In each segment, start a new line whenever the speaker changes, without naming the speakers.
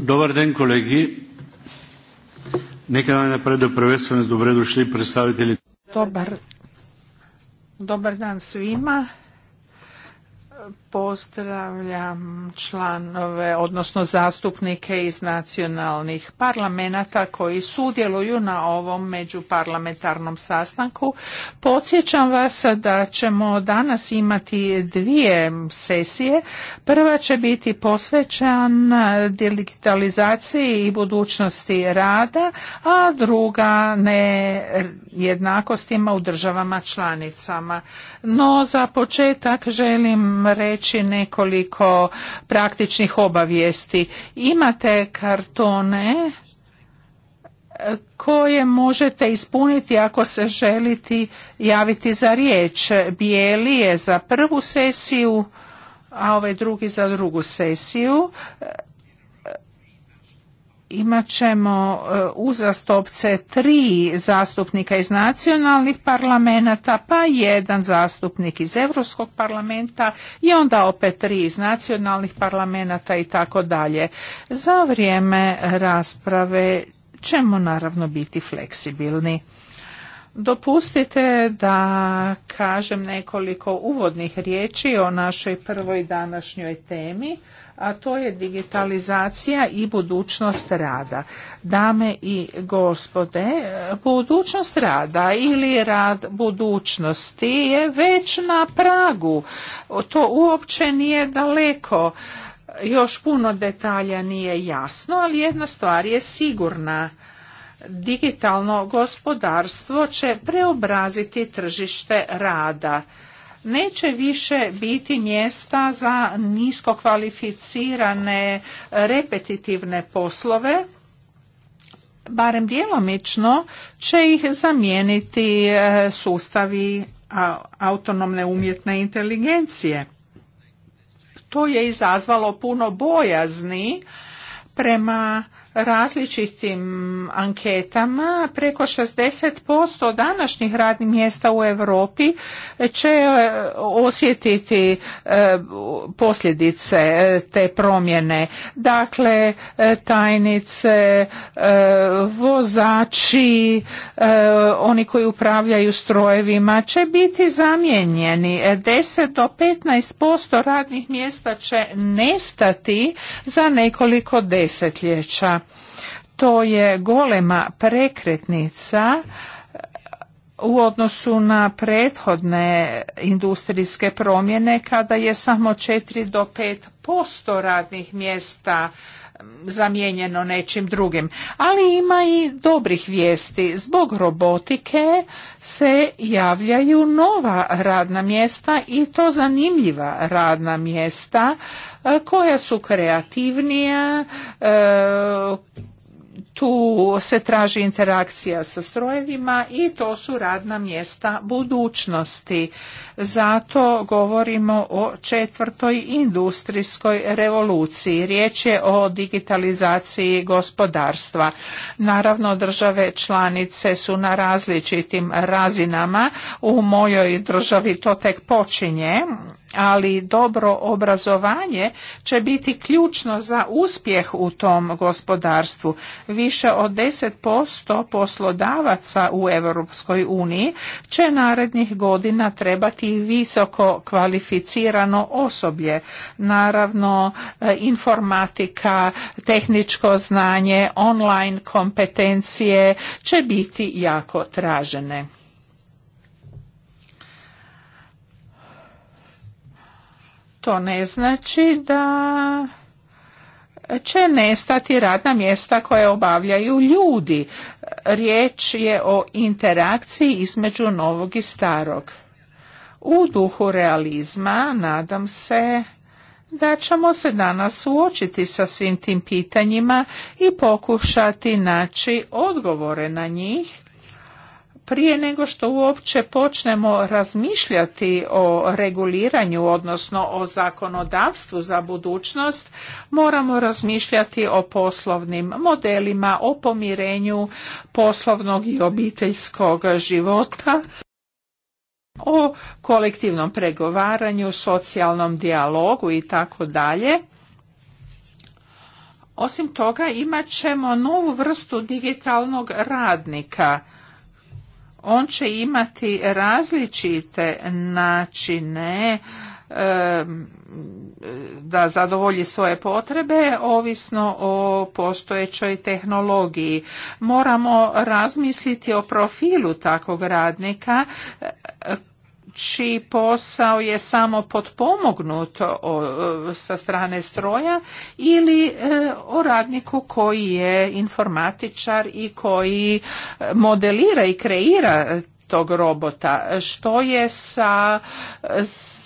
Dobar dan kolegi. Neka nam je predo prvenstveno dobro došli predstavitelji.
Dobar, dobar dan svima pozdravljam članove, odnosno zastupnike iz nacionalnih parlamenata koji sudjeluju na ovom međuparlamentarnom sastanku. Podsjećam vas da ćemo danas imati dvije sesije. Prva će biti posvećan digitalizaciji i budućnosti rada, a druga ne jednakostima u državama članicama. No za početak želim reći reći nekoliko praktičnih obavijesti. Imate kartone e, koje možete ispuniti ako se želite javiti za riječ. Bijeli je za prvu sesiju, a ovaj drugi za drugu sesiju imat ćemo e, uzastopce tri zastupnika iz nacionalnih parlamenta, pa jedan zastupnik iz Europskog parlamenta i onda opet tri iz nacionalnih parlamenta i tako dalje. Za vrijeme rasprave ćemo naravno biti fleksibilni. Dopustite da kažem nekoliko uvodnih riječi o našoj prvoj današnjoj temi, a to je digitalizacija i budućnost rada. Dame i gospode, budućnost rada ili rad budućnosti je već na pragu. To uopće nije daleko. Još puno detalja nije jasno, ali jedna stvar je sigurna. Digitalno gospodarstvo će preobraziti tržište rada neće više biti mjesta za nisko kvalificirane repetitivne poslove barem djelomično će ih zamijeniti e, sustavi autonomne umjetne inteligencije. To je izazvalo puno bojazni prema različitim anketama preko 60% današnjih radnih mjesta u Europi će e, osjetiti e, posljedice e, te promjene. Dakle, tajnice, vozači, oni koji upravljaju strojevima će biti zamijenjeni. 10 do 15% radnih mjesta će nestati za nekoliko desetljeća. To je golema prekretnica e, u odnosu na prethodne industrijske promjene kada je samo 4 do 5% radnih mjesta zamijenjeno nečim drugim. Ali ima i dobrih vijesti. Zbog robotike se javljaju nova radna mjesta i to zanimljiva radna mjesta e, koja su kreativnija, e, tu se traži interakcija sa strojevima i to su radna mjesta budućnosti. Zato govorimo o četvrtoj industrijskoj revoluciji. Riječ je o digitalizaciji gospodarstva. Naravno, države članice su na različitim razinama. U mojoj državi to tek počinje, ali dobro obrazovanje će biti ključno za uspjeh u tom gospodarstvu. Vi više od 10% poslodavaca u Europskoj uniji će narednih godina trebati visoko kvalificirano osoblje. Naravno, e, informatika, tehničko znanje, online kompetencije će biti jako tražene. To ne znači da će nestati radna mjesta koje obavljaju ljudi. Riječ je o interakciji između novog i starog. U duhu realizma nadam se da ćemo se danas suočiti sa svim tim pitanjima i pokušati naći odgovore na njih prije nego što uopće počnemo razmišljati o reguliranju, odnosno o zakonodavstvu za budućnost, moramo razmišljati o poslovnim modelima, o pomirenju poslovnog i obiteljskog života, o kolektivnom pregovaranju, socijalnom dijalogu i tako dalje. Osim toga imat ćemo novu vrstu digitalnog radnika on će imati različite načine da zadovolji svoje potrebe ovisno o postojećoj tehnologiji. Moramo razmisliti o profilu takvog radnika čiji posao je samo potpomognut sa strane stroja ili e, o radniku koji je informatičar i koji e, modelira i kreira tog robota. Što je sa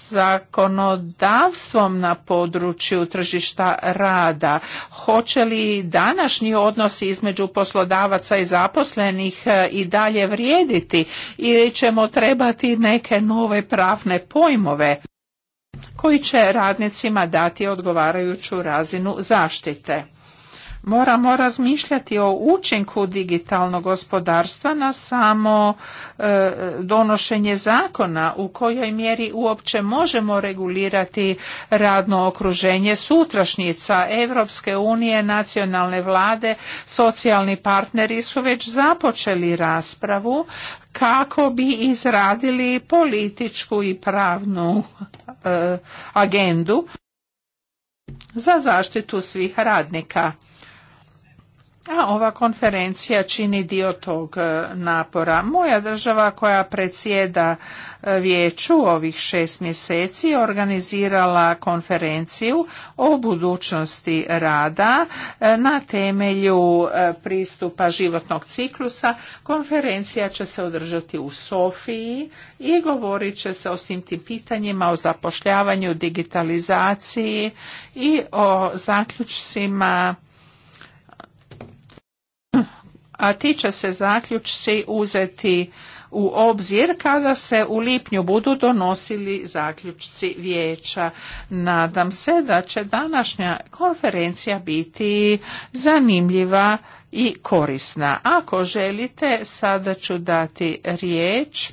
zakonodavstvom na području tržišta rada? Hoće li današnji odnosi između poslodavaca i zaposlenih e, i dalje vrijediti ili ćemo trebati neke nove pravne pojmove? koji će radnicima dati odgovarajuću razinu zaštite moramo razmišljati o učinku digitalnog gospodarstva na samo e, donošenje zakona u kojoj mjeri uopće možemo regulirati radno okruženje sutrašnjica Europske unije, nacionalne vlade, socijalni partneri su već započeli raspravu kako bi izradili političku i pravnu e, agendu za zaštitu svih radnika a ova konferencija čini dio tog e, napora. Moja država koja predsjeda e, vijeću ovih šest mjeseci organizirala konferenciju o budućnosti rada e, na temelju pristupa životnog ciklusa. Konferencija će se održati u Sofiji i govorit će se o svim tim pitanjima, o zapošljavanju, digitalizaciji i o zaključcima a ti će se zaključci uzeti u obzir kada se u lipnju budu donosili zaključci vijeća. Nadam se da će današnja konferencija biti zanimljiva i korisna. Ako želite, sada ću dati riječ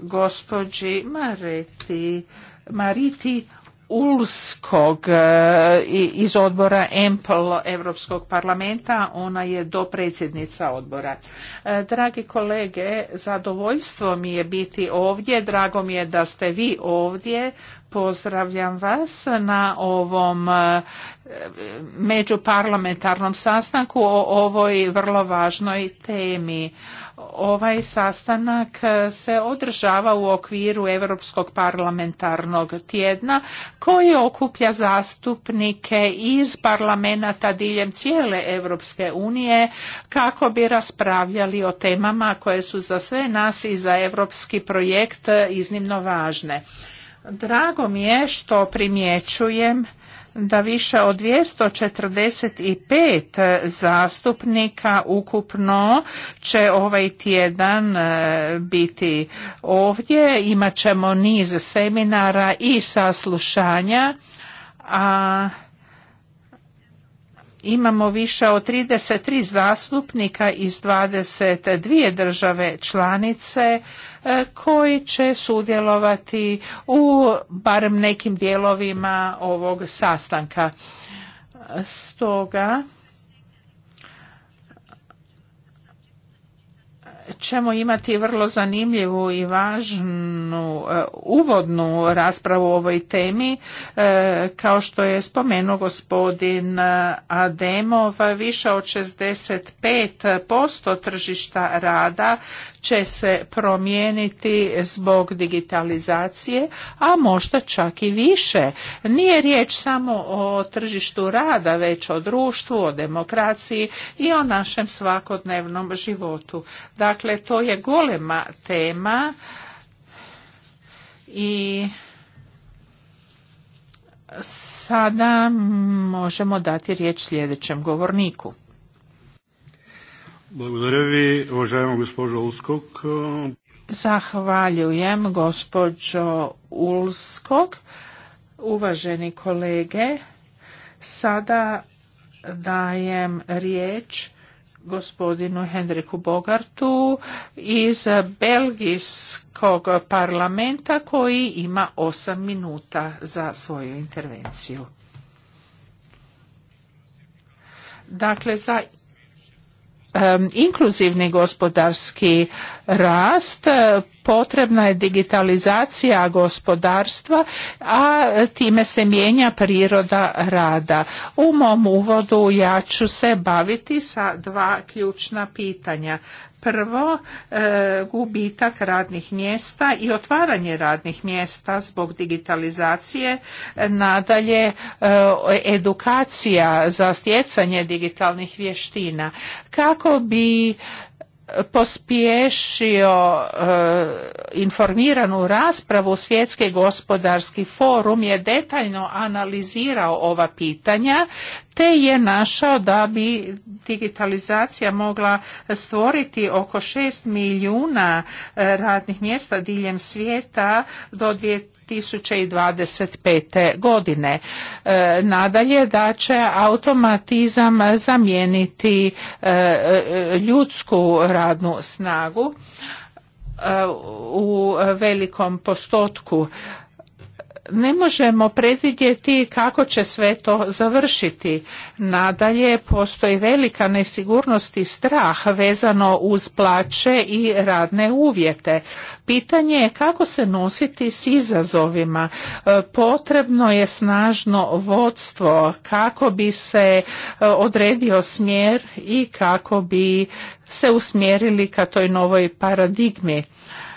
gospođi Mariti Mariti Ulskog e, iz odbora EMPL Europskog parlamenta. Ona je dopredsjednica odbora. E, dragi kolege, zadovoljstvo mi je biti ovdje. Drago mi je da ste vi ovdje. Pozdravljam vas na ovom e, međuparlamentarnom sastanku o ovoj vrlo važnoj temi. Ovaj sastanak e, se održava u okviru Europskog parlamentarnog tjedna koji okuplja zastupnike iz parlamenta diljem cijele Europske unije kako bi raspravljali o temama koje su za sve nas i za europski projekt iznimno važne. Drago mi je što primjećujem da više od 245 zastupnika ukupno će ovaj tjedan e, biti ovdje. Imat ćemo niz seminara i saslušanja, a imamo više od 33 zastupnika iz 22 države članice e, koji će sudjelovati u barem nekim dijelovima ovog sastanka. Stoga ćemo imati vrlo zanimljivu i važnu e, uvodnu raspravu o ovoj temi. E, kao što je spomenuo gospodin Ademov, više od 65% tržišta rada će se promijeniti zbog digitalizacije, a možda čak i više. Nije riječ samo o tržištu rada, već o društvu, o demokraciji i o našem svakodnevnom životu. Dakle, to je golema tema i sada možemo dati riječ sljedećem govorniku. Zahvaljujem gospođo Ulskog. Uvaženi kolege, sada dajem riječ gospodinu Hendriku Bogartu iz Belgijskog parlamenta koji ima osam minuta za svoju intervenciju. Dakle, za inkluzivni gospodarski rast, potrebna je digitalizacija gospodarstva, a time se mijenja priroda rada. U mom uvodu ja ću se baviti sa dva ključna pitanja prvo e, gubitak radnih mjesta i otvaranje radnih mjesta zbog digitalizacije, nadalje e, edukacija za stjecanje digitalnih vještina kako bi pospješio e, informiranu raspravu Svjetski gospodarski forum je detaljno analizirao ova pitanja te je našao da bi digitalizacija mogla stvoriti oko 6 milijuna e, radnih mjesta diljem svijeta do 2025. godine. E, nadalje da će automatizam zamijeniti e, e, ljudsku radnu snagu u velikom postotku ne možemo predvidjeti kako će sve to završiti. Nadalje postoji velika nesigurnost i strah vezano uz plaće i radne uvjete. Pitanje je kako se nositi s izazovima. E, potrebno je snažno vodstvo kako bi se e, odredio smjer i kako bi se usmjerili ka toj novoj paradigmi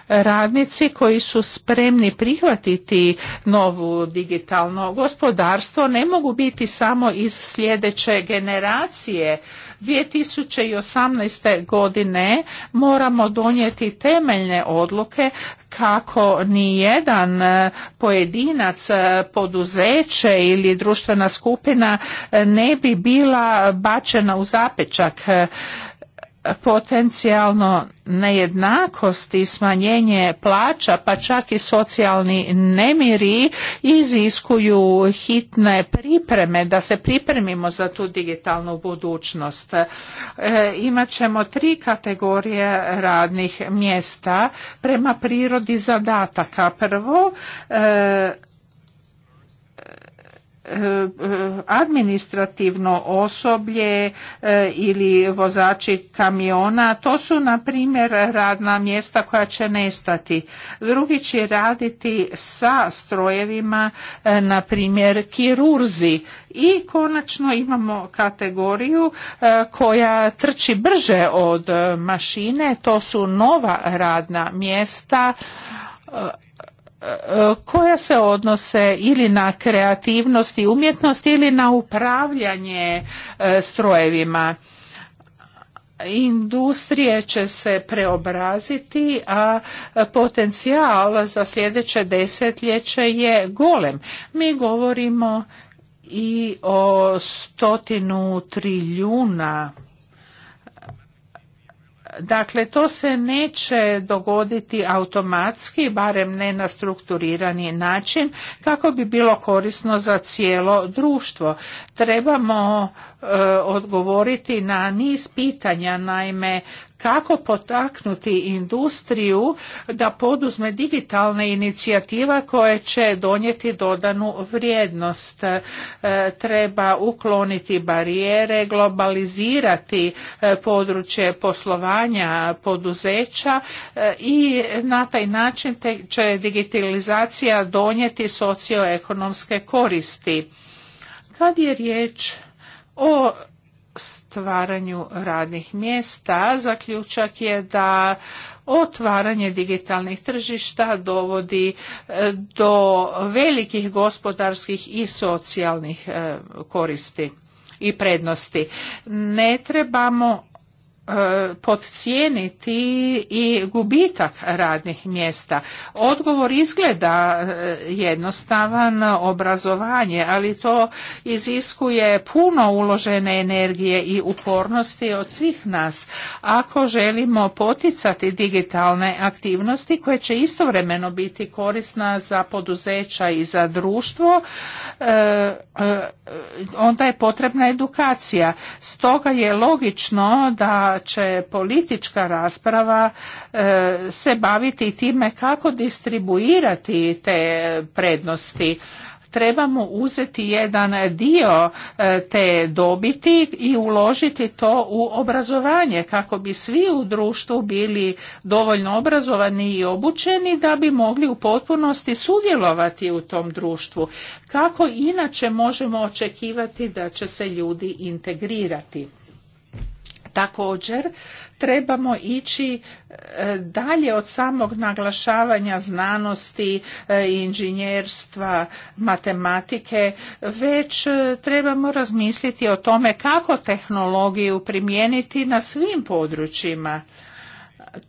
radnici koji su spremni prihvatiti novu digitalno gospodarstvo ne mogu biti samo iz sljedeće generacije. 2018. godine moramo donijeti temeljne odluke kako ni jedan e, pojedinac, e, poduzeće ili društvena skupina e, ne bi bila bačena u zapečak potencijalno nejednakost i smanjenje plaća pa čak i socijalni nemiri iziskuju hitne pripreme da se pripremimo za tu digitalnu budućnost. E, imat ćemo tri kategorije radnih mjesta prema prirodi zadataka. Prvo, e, administrativno osoblje e, ili vozači kamiona, to su na primjer radna mjesta koja će nestati. Drugi će raditi sa strojevima, e, na primjer kirurzi. I konačno imamo kategoriju e, koja trči brže od mašine, to su nova radna mjesta koja se odnose ili na kreativnost i umjetnost ili na upravljanje e, strojevima. Industrije će se preobraziti, a potencijal za sljedeće desetljeće je golem. Mi govorimo i o stotinu trilijuna Dakle, to se neće dogoditi automatski, barem ne na strukturirani način, kako bi bilo korisno za cijelo društvo. Trebamo e, odgovoriti na niz pitanja, naime kako potaknuti industriju da poduzme digitalne inicijativa koje će donijeti dodanu vrijednost. E, treba ukloniti barijere, globalizirati e, područje poslovanja poduzeća e, i na taj način će digitalizacija donijeti socioekonomske koristi. Kad je riječ o stvaranju radnih mjesta. Zaključak je da otvaranje digitalnih tržišta dovodi e, do velikih gospodarskih i socijalnih e, koristi i prednosti. Ne trebamo podcijeniti i gubitak radnih mjesta. Odgovor izgleda e, jednostavan obrazovanje, ali to iziskuje puno uložene energije i upornosti od svih nas. Ako želimo poticati digitalne aktivnosti koje će istovremeno biti korisna za poduzeća i za društvo, e, e, onda je potrebna edukacija. Stoga je logično da će politička rasprava e, se baviti time kako distribuirati te prednosti trebamo uzeti jedan dio e, te dobiti i uložiti to u obrazovanje kako bi svi u društvu bili dovoljno obrazovani i obučeni da bi mogli u potpunosti sudjelovati u tom društvu. Kako inače možemo očekivati da će se ljudi integrirati? Također trebamo ići e, dalje od samog naglašavanja znanosti, e, inženjerstva, matematike, već e, trebamo razmisliti o tome kako tehnologiju primijeniti na svim područjima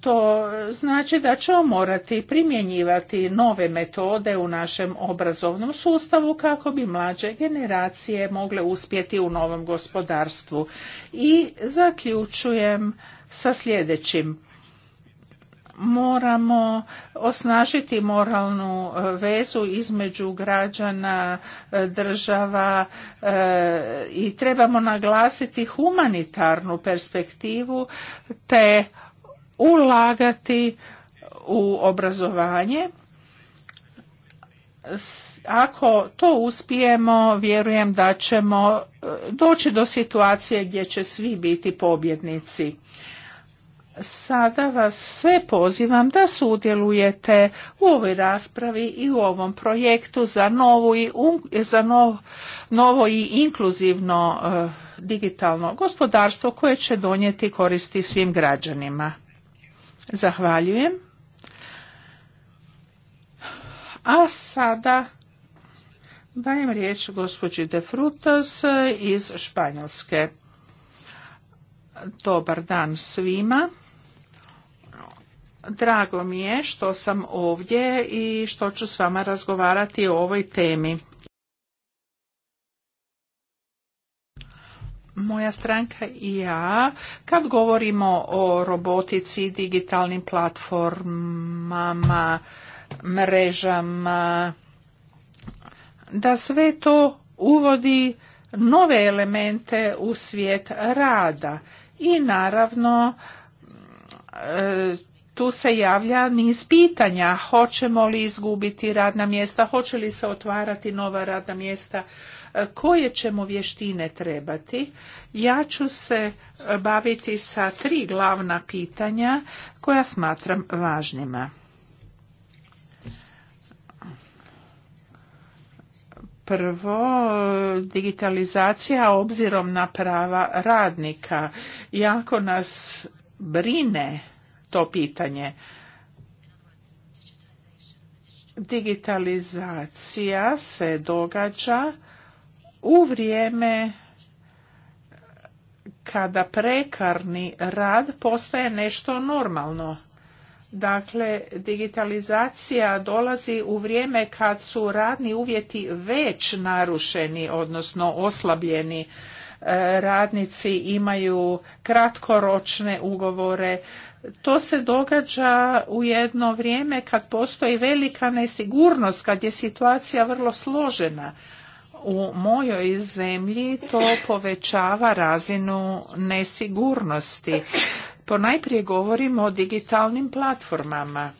to znači da ćemo morati primjenjivati nove metode u našem obrazovnom sustavu kako bi mlađe generacije mogle uspjeti u novom gospodarstvu. I zaključujem sa sljedećim. Moramo osnažiti moralnu e, vezu između građana, e, država e, i trebamo naglasiti humanitarnu perspektivu te ulagati u obrazovanje. Ako to uspijemo, vjerujem da ćemo eh, doći do situacije gdje će svi biti pobjednici. Sada vas sve pozivam da sudjelujete u ovoj raspravi i u ovom projektu za novo i, za novo i inkluzivno eh, digitalno gospodarstvo koje će donijeti koristi svim građanima. Zahvaljujem. A sada dajem riječ gospođi De Frutas iz Španjolske. Dobar dan svima. Drago mi je što sam ovdje i što ću s vama razgovarati o ovoj temi. moja stranka i ja, kad govorimo o robotici, digitalnim platformama, mrežama, da sve to uvodi nove elemente u svijet rada. I naravno, e, tu se javlja niz pitanja. Hoćemo li izgubiti radna mjesta? Hoće li se otvarati nova radna mjesta? koje ćemo vještine trebati. Ja ću se baviti sa tri glavna pitanja koja smatram važnima. prvo digitalizacija obzirom na prava radnika. Jako nas brine to pitanje. Digitalizacija se događa u vrijeme kada prekarni rad postaje nešto normalno. Dakle, digitalizacija dolazi u vrijeme kad su radni uvjeti već narušeni, odnosno oslabljeni. E, radnici imaju kratkoročne ugovore. To se događa u jedno vrijeme kad postoji velika nesigurnost, kad je situacija vrlo složena u mojoj zemlji to povećava razinu nesigurnosti. Ponajprije govorimo o digitalnim platformama.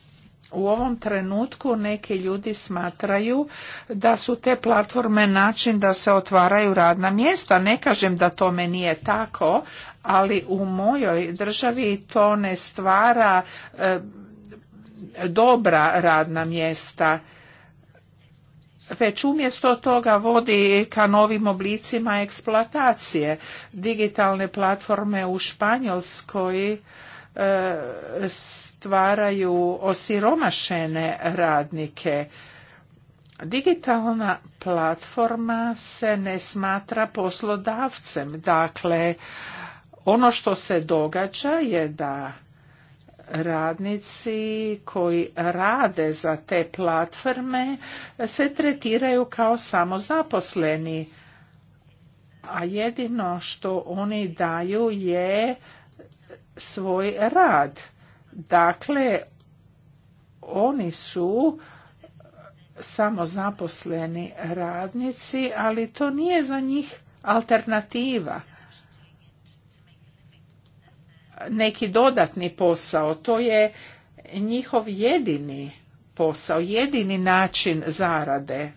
U ovom trenutku neki ljudi smatraju da su te platforme način da se otvaraju radna mjesta. Ne kažem da to tome nije tako, ali u mojoj državi to ne stvara e, dobra radna mjesta već umjesto toga vodi ka novim oblicima eksploatacije. Digitalne platforme u Španjolskoj e, stvaraju osiromašene radnike. Digitalna platforma se ne smatra poslodavcem. Dakle, ono što se događa je da radnici koji rade za te platforme se tretiraju kao samozaposleni a jedino što oni daju je svoj rad dakle oni su samozaposleni radnici ali to nije za njih alternativa neki dodatni posao to je njihov jedini posao jedini način zarade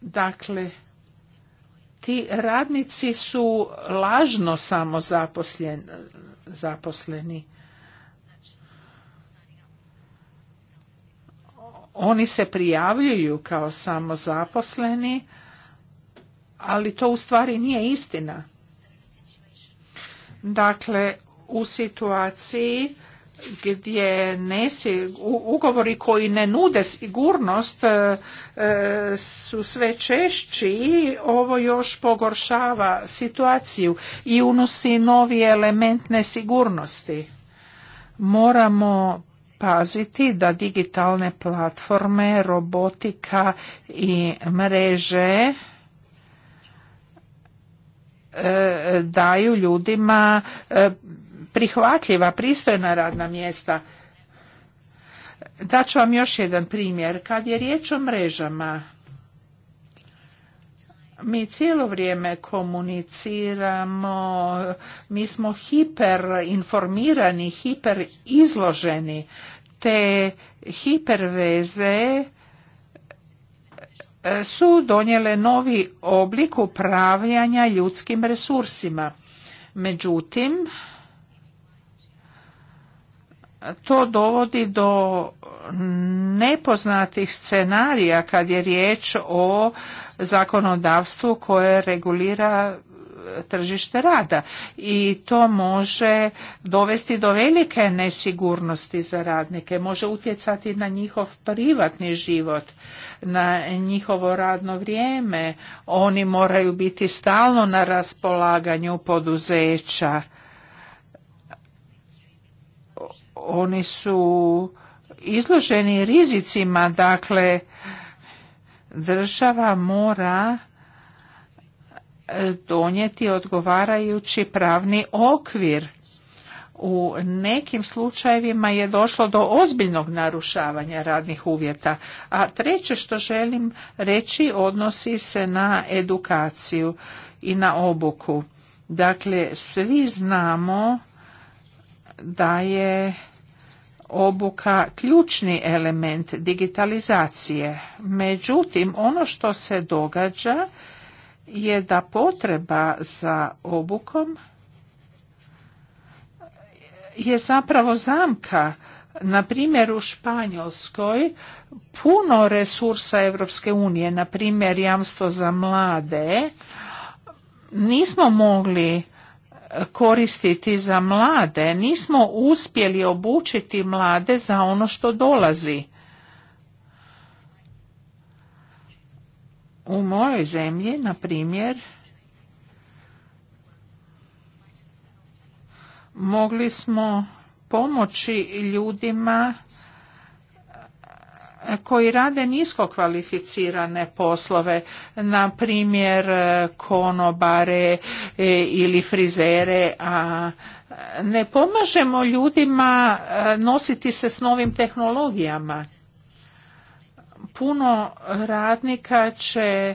dakle ti radnici su lažno samo zaposleni oni se prijavljuju kao samozaposleni ali to u stvari nije istina Dakle, u situaciji gdje ugovori koji ne nude sigurnost e, e, su sve češći ovo još pogoršava situaciju i unosi novi element nesigurnosti. Moramo paziti da digitalne platforme, robotika i mreže E, daju ljudima e, prihvatljiva, pristojna radna mjesta. Daću vam još jedan primjer. Kad je riječ o mrežama, mi cijelo vrijeme komuniciramo, mi smo hiperinformirani, hiperizloženi, te hiperveze su donijele novi oblik upravljanja ljudskim resursima. Međutim, to dovodi do nepoznatih scenarija kad je riječ o zakonodavstvu koje regulira tržište rada i to može dovesti do velike nesigurnosti za radnike, može utjecati na njihov privatni život, na njihovo radno vrijeme, oni moraju biti stalno na raspolaganju poduzeća. Oni su izloženi rizicima, dakle država mora donijeti odgovarajući pravni okvir. U nekim slučajevima je došlo do ozbiljnog narušavanja radnih uvjeta. A treće što želim reći odnosi se na edukaciju i na obuku. Dakle, svi znamo da je obuka ključni element digitalizacije. Međutim, ono što se događa je da potreba za obukom je zapravo zamka. Na primjer u Španjolskoj puno resursa Europske unije, na primjer jamstvo za mlade, nismo mogli koristiti za mlade, nismo uspjeli obučiti mlade za ono što dolazi. U mojoj zemlji, na primjer, mogli smo pomoći ljudima eh, koji rade nisko poslove, na primjer eh, konobare eh, ili frizere, a ne pomažemo ljudima nositi se s novim tehnologijama puno radnika će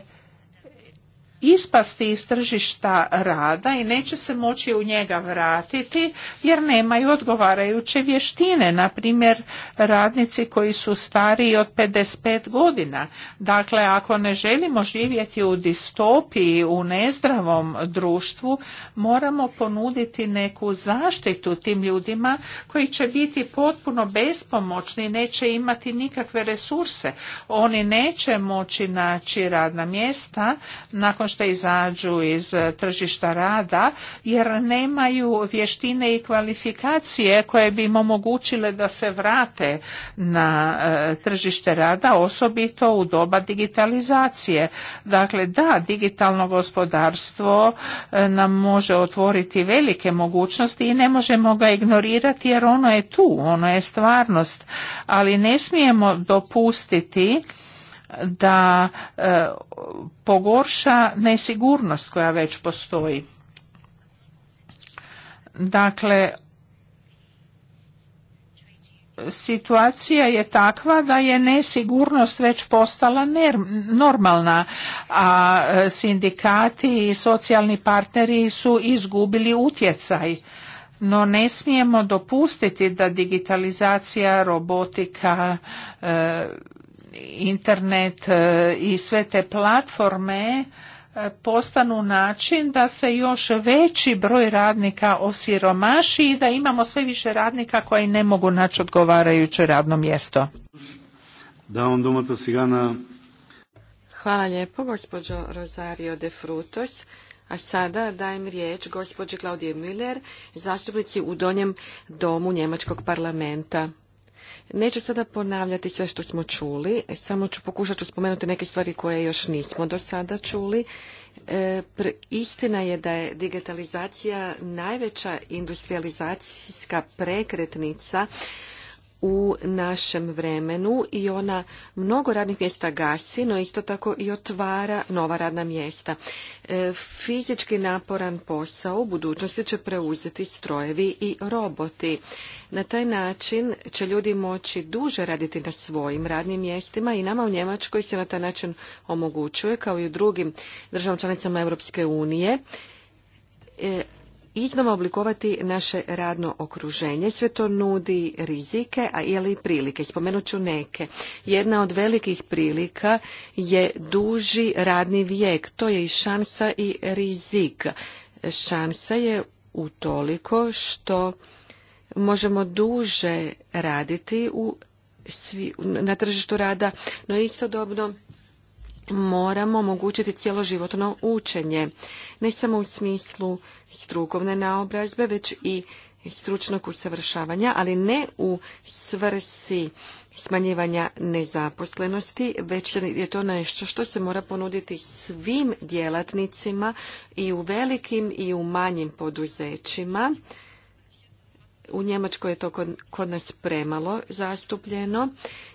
ispasti iz tržišta rada i neće se moći u njega vratiti jer nemaju odgovarajuće vještine, na primjer radnici koji su stariji od 55 godina. Dakle, ako ne želimo živjeti u distopiji, u nezdravom društvu, moramo ponuditi neku zaštitu tim ljudima koji će biti potpuno bespomoćni, neće imati nikakve resurse. Oni neće moći naći radna mjesta nakon što izađu iz e, tržišta rada jer nemaju vještine i kvalifikacije koje bi im omogućile da se vrate na e, tržište rada osobito u doba digitalizacije. Dakle da digitalno gospodarstvo e, nam može otvoriti velike mogućnosti i ne možemo ga ignorirati jer ono je tu, ono je stvarnost, ali ne smijemo dopustiti da e, pogorša nesigurnost koja već postoji. Dakle, situacija je takva da je nesigurnost već postala normalna, a e, sindikati i socijalni partneri su izgubili utjecaj. No ne smijemo dopustiti da digitalizacija, robotika, e, internet e, i sve te platforme e, postanu način da se još veći broj radnika osiromaši i da imamo sve više radnika koji ne mogu naći odgovarajuće radno mjesto. Hvala
lijepo, gospođo Rosario de Frutos. A sada dajem riječ gospođi Klaudije Müller, zastupnici u Donjem domu Njemačkog parlamenta. Neću sada ponavljati sve što smo čuli, samo ću pokušati spomenuti neke stvari koje još nismo do sada čuli. E, istina je da je digitalizacija najveća industrializacijska prekretnica u našem vremenu i ona mnogo radnih mjesta gasi, no isto tako i otvara nova radna mjesta. E, fizički naporan posao u budućnosti će preuzeti strojevi i roboti. Na taj način će ljudi moći duže raditi na svojim radnim mjestima i nama u Njemačkoj se na taj način omogućuje, kao i u drugim državama članicama Europske unije, e, iznova oblikovati naše radno okruženje. Sve to nudi rizike, a i prilike. Spomenut ću neke. Jedna od velikih prilika je duži radni vijek. To je i šansa i rizik. Šansa je utoliko što možemo duže raditi u svi, na tržištu rada, no istodobno moramo omogućiti cjeloživotno učenje, ne samo u smislu strukovne naobrazbe, već i stručnog usavršavanja, ali ne u svrsi smanjivanja nezaposlenosti, već je to nešto što se mora ponuditi svim djelatnicima i u velikim i u manjim poduzećima u Njemačkoj je to kod, kod nas premalo zastupljeno.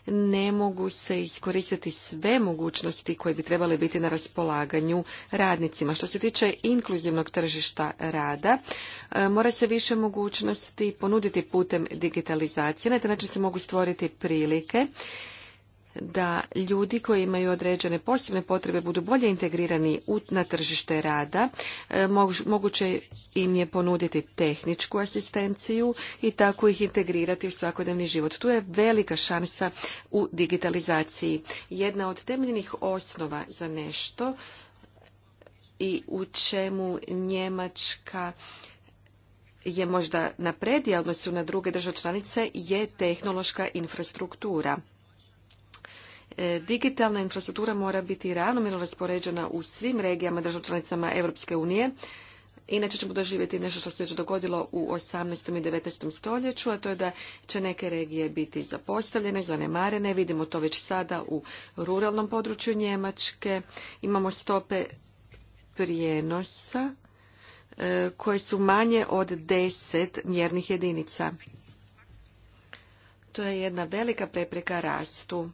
Ne mogu se iskoristiti sve mogućnosti koje bi trebale biti na raspolaganju radnicima. Što se tiče inkluzivnog tržišta rada, e, mora se više mogućnosti ponuditi putem digitalizacije. Na taj način se mogu stvoriti prilike da ljudi koji imaju određene posebne potrebe budu bolje integrirani na tržište rada. E, moguće im je ponuditi tehničku asistenciju i tako ih integrirati u svakodnevni život. Tu je velika šansa u digitalizaciji. Jedna od temeljnih osnova za nešto i u čemu Njemačka je možda napredija odnosu na druge države članice je tehnološka infrastruktura. E, digitalna infrastruktura mora biti ravnomjerno raspoređena u svim regijama država članicama Europske unije. Inače ćemo doživjeti nešto što se već dogodilo u 18. i 19. stoljeću, a to je da će neke regije biti zapostavljene, zanemarene. Vidimo to već sada u ruralnom području Njemačke. Imamo stope prijenosa e, koje su manje od 10 mjernih jedinica. To je jedna velika prepreka rastu.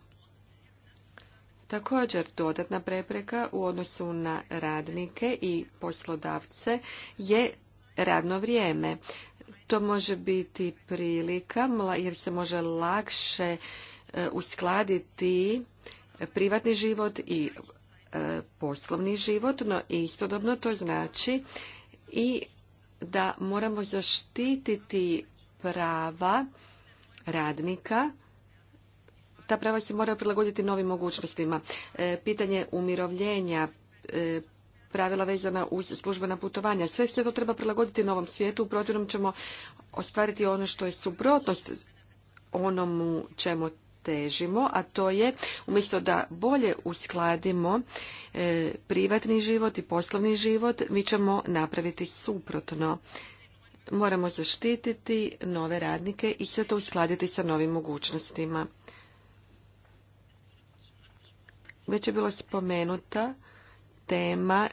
Također dodatna prepreka u odnosu na radnike i poslodavce je radno vrijeme. To može biti prilika jer se može lakše e, uskladiti privatni život i e, poslovni život, no istodobno to znači i da moramo zaštititi prava radnika ta prava se moraju prilagoditi novim mogućnostima. E, pitanje umirovljenja, e, pravila vezana uz službena putovanja. Sve se to treba prilagoditi novom svijetu, u protivnom ćemo ostvariti ono što je suprotnost onomu čemu težimo, a to je umjesto da bolje uskladimo e, privatni život i poslovni život, mi ćemo napraviti suprotno. Moramo zaštititi nove radnike i sve to uskladiti sa novim mogućnostima. Već je bilo spomenuta tema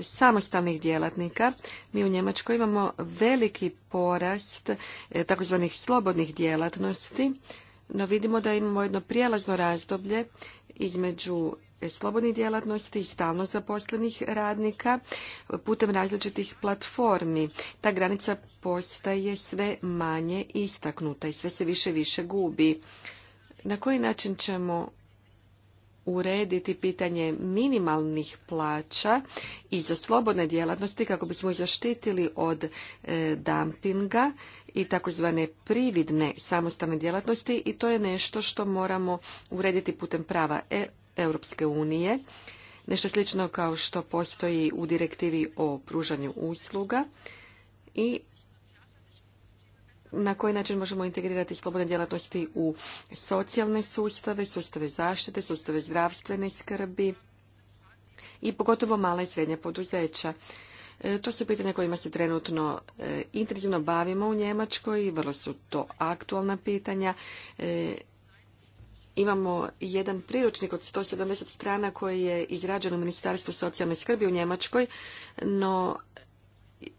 samostalnih djelatnika. Mi u Njemačkoj imamo veliki porast e, takozvanih slobodnih djelatnosti, no vidimo da imamo jedno prijelazno razdoblje između slobodnih djelatnosti i stalno zaposlenih radnika putem različitih platformi. Ta granica postaje sve manje istaknuta i sve se više više gubi. Na koji način ćemo urediti pitanje minimalnih plaća i za slobodne djelatnosti kako bismo zaštitili od e, dumpinga i takozvane prividne samostalne djelatnosti i to je nešto što moramo urediti putem prava EU, Europske unije. Nešto slično kao što postoji u direktivi o pružanju usluga i na koji način možemo integrirati slobodne djelatnosti u socijalne sustave, sustave zaštite, sustave zdravstvene skrbi i pogotovo mala i srednja poduzeća. E, to su pitanja kojima se trenutno e, intenzivno bavimo u Njemačkoj vrlo su to aktualna pitanja. E, imamo jedan priručnik od 170 strana koji je izrađen u Ministarstvu socijalne skrbi u Njemačkoj, no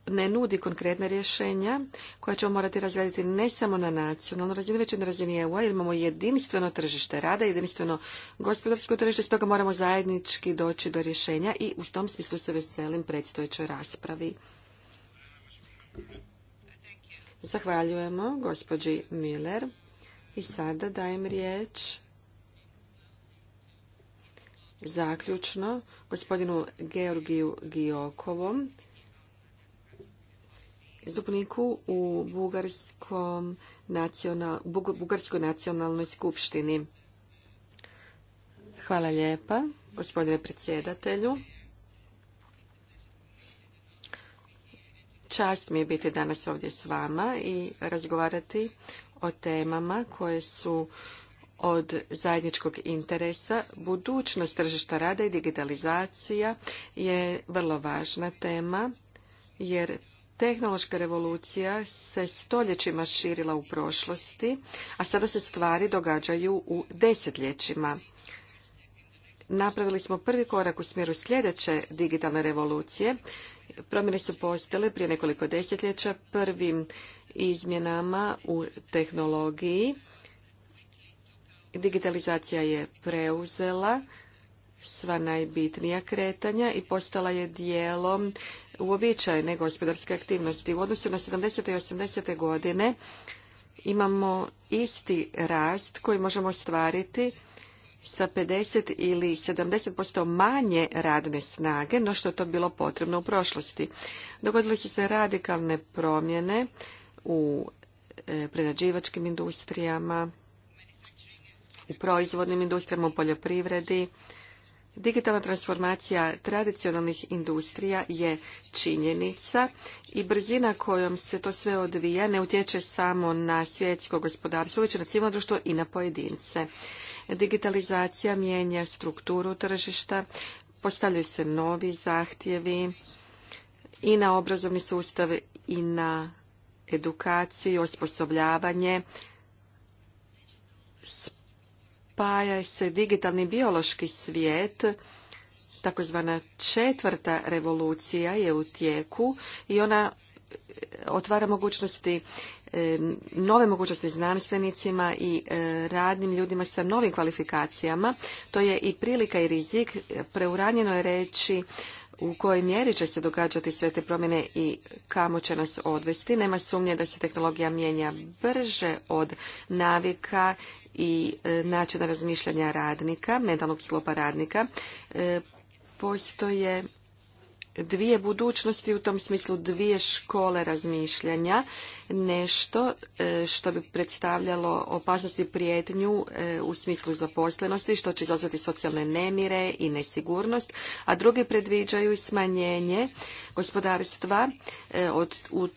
ne nudi konkretna rješenja koja ćemo morati razraditi ne samo na nacionalnoj razini, već i na razini EU, jer imamo jedinstveno tržište rada, jedinstveno gospodarsko tržište, stoga moramo zajednički doći do rješenja i u tom smislu se veselim predstojećoj raspravi. Zahvaljujemo gospođi Miller i sada dajem riječ zaključno gospodinu Georgiju Giokovom zupniku u Bugarskoj nacionalnoj skupštini. Hvala lijepa, gospodine predsjedatelju. Čast mi je biti danas ovdje s vama i razgovarati o temama koje su od zajedničkog interesa. Budućnost tržišta rada i digitalizacija je vrlo važna tema jer Tehnološka revolucija se stoljećima širila u prošlosti, a sada se stvari događaju u desetljećima. Napravili smo prvi korak u smjeru sljedeće digitalne revolucije. Promjene su postale prije nekoliko desetljeća prvim izmjenama u tehnologiji. Digitalizacija je preuzela sva najbitnija kretanja i postala je dijelom uobičajene gospodarske aktivnosti. U odnosu na 70. i 80. godine imamo isti rast koji možemo ostvariti sa 50 ili 70% manje radne snage no što je to bilo potrebno u prošlosti. Dogodile su se radikalne promjene u e, prerađivačkim industrijama, u proizvodnim industrijama, u poljoprivredi, Digitalna transformacija tradicionalnih industrija je činjenica i brzina kojom se to sve odvija ne utječe samo na svjetsko gospodarstvo, već na civilno društvo i na pojedince. Digitalizacija mijenja strukturu tržišta, postavljaju se novi zahtjevi i na obrazovni sustav i na edukaciju, osposobljavanje, spaja se digitalni biološki svijet, takozvana četvrta revolucija je u tijeku i ona e, otvara mogućnosti e, nove mogućnosti znanstvenicima i e, radnim ljudima sa novim kvalifikacijama. To je i prilika i rizik. Preuranjeno je reći u kojoj mjeri će se događati sve te promjene i kamo će nas odvesti. Nema sumnje da se tehnologija mijenja brže od navika i e, načina razmišljanja radnika, mentalnog sklopa radnika. E, postoje dvije budućnosti u tom smislu dvije škole razmišljanja nešto e, što bi predstavljalo opasnost i prijetnju e, u smislu zaposlenosti što će izazvati socijalne nemire i nesigurnost a drugi predviđaju smanjenje gospodarstva e, od, u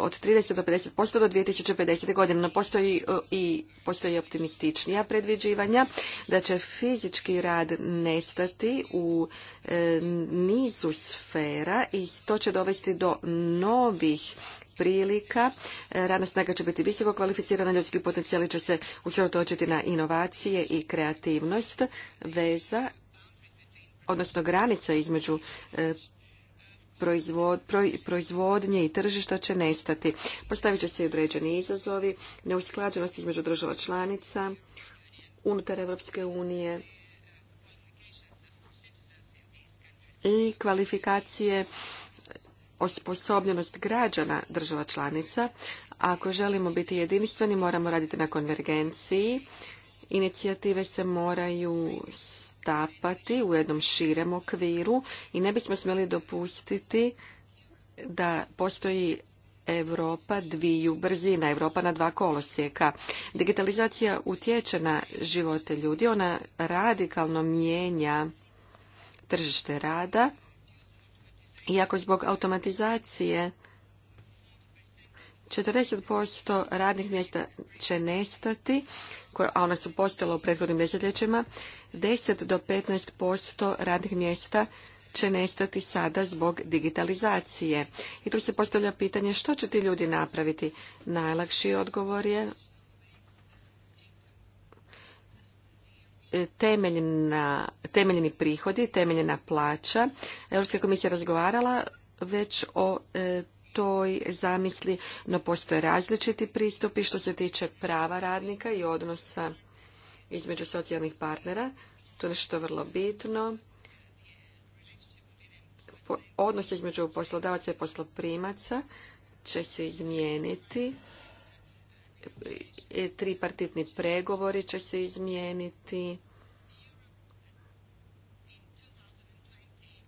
od 30 do 50% do 2050. godine. No postoji e, i postoji optimističnija predviđivanja da će fizički rad nestati u e, nizu sfera i to će dovesti do novih prilika. E, radna snaga će biti visoko kvalificirana, ljudski potencijali će se usredotočiti na inovacije i kreativnost, veza, odnosno granica između proizvod, proizvodnje i tržišta će nestati. Postavit će se i određeni izazovi, neusklađenost između država članica, unutar Europske unije i kvalifikacije osposobljenost građana država članica. Ako želimo biti jedinstveni, moramo raditi na konvergenciji. Inicijative se moraju potapati u jednom širem okviru i ne bismo smjeli dopustiti da postoji Europa dviju brzina, Europa na dva kolosijeka. Digitalizacija utječe na živote ljudi, ona radikalno mijenja tržište rada, iako zbog automatizacije 40% radnih mjesta će nestati, a ona su postojala u prethodnim desetljećima. 10 do 15% radnih mjesta će nestati sada zbog digitalizacije. I tu se postavlja pitanje što će ti ljudi napraviti. Najlakši odgovor je e, temeljni prihodi, temeljena plaća. Europska komisija razgovarala već o e, toj zamisli, no postoje različiti pristupi što se tiče prava radnika i odnosa između socijalnih partnera. To je nešto vrlo bitno. Odnos između poslodavaca i posloprimaca će se izmijeniti. E, tripartitni pregovori će se izmijeniti.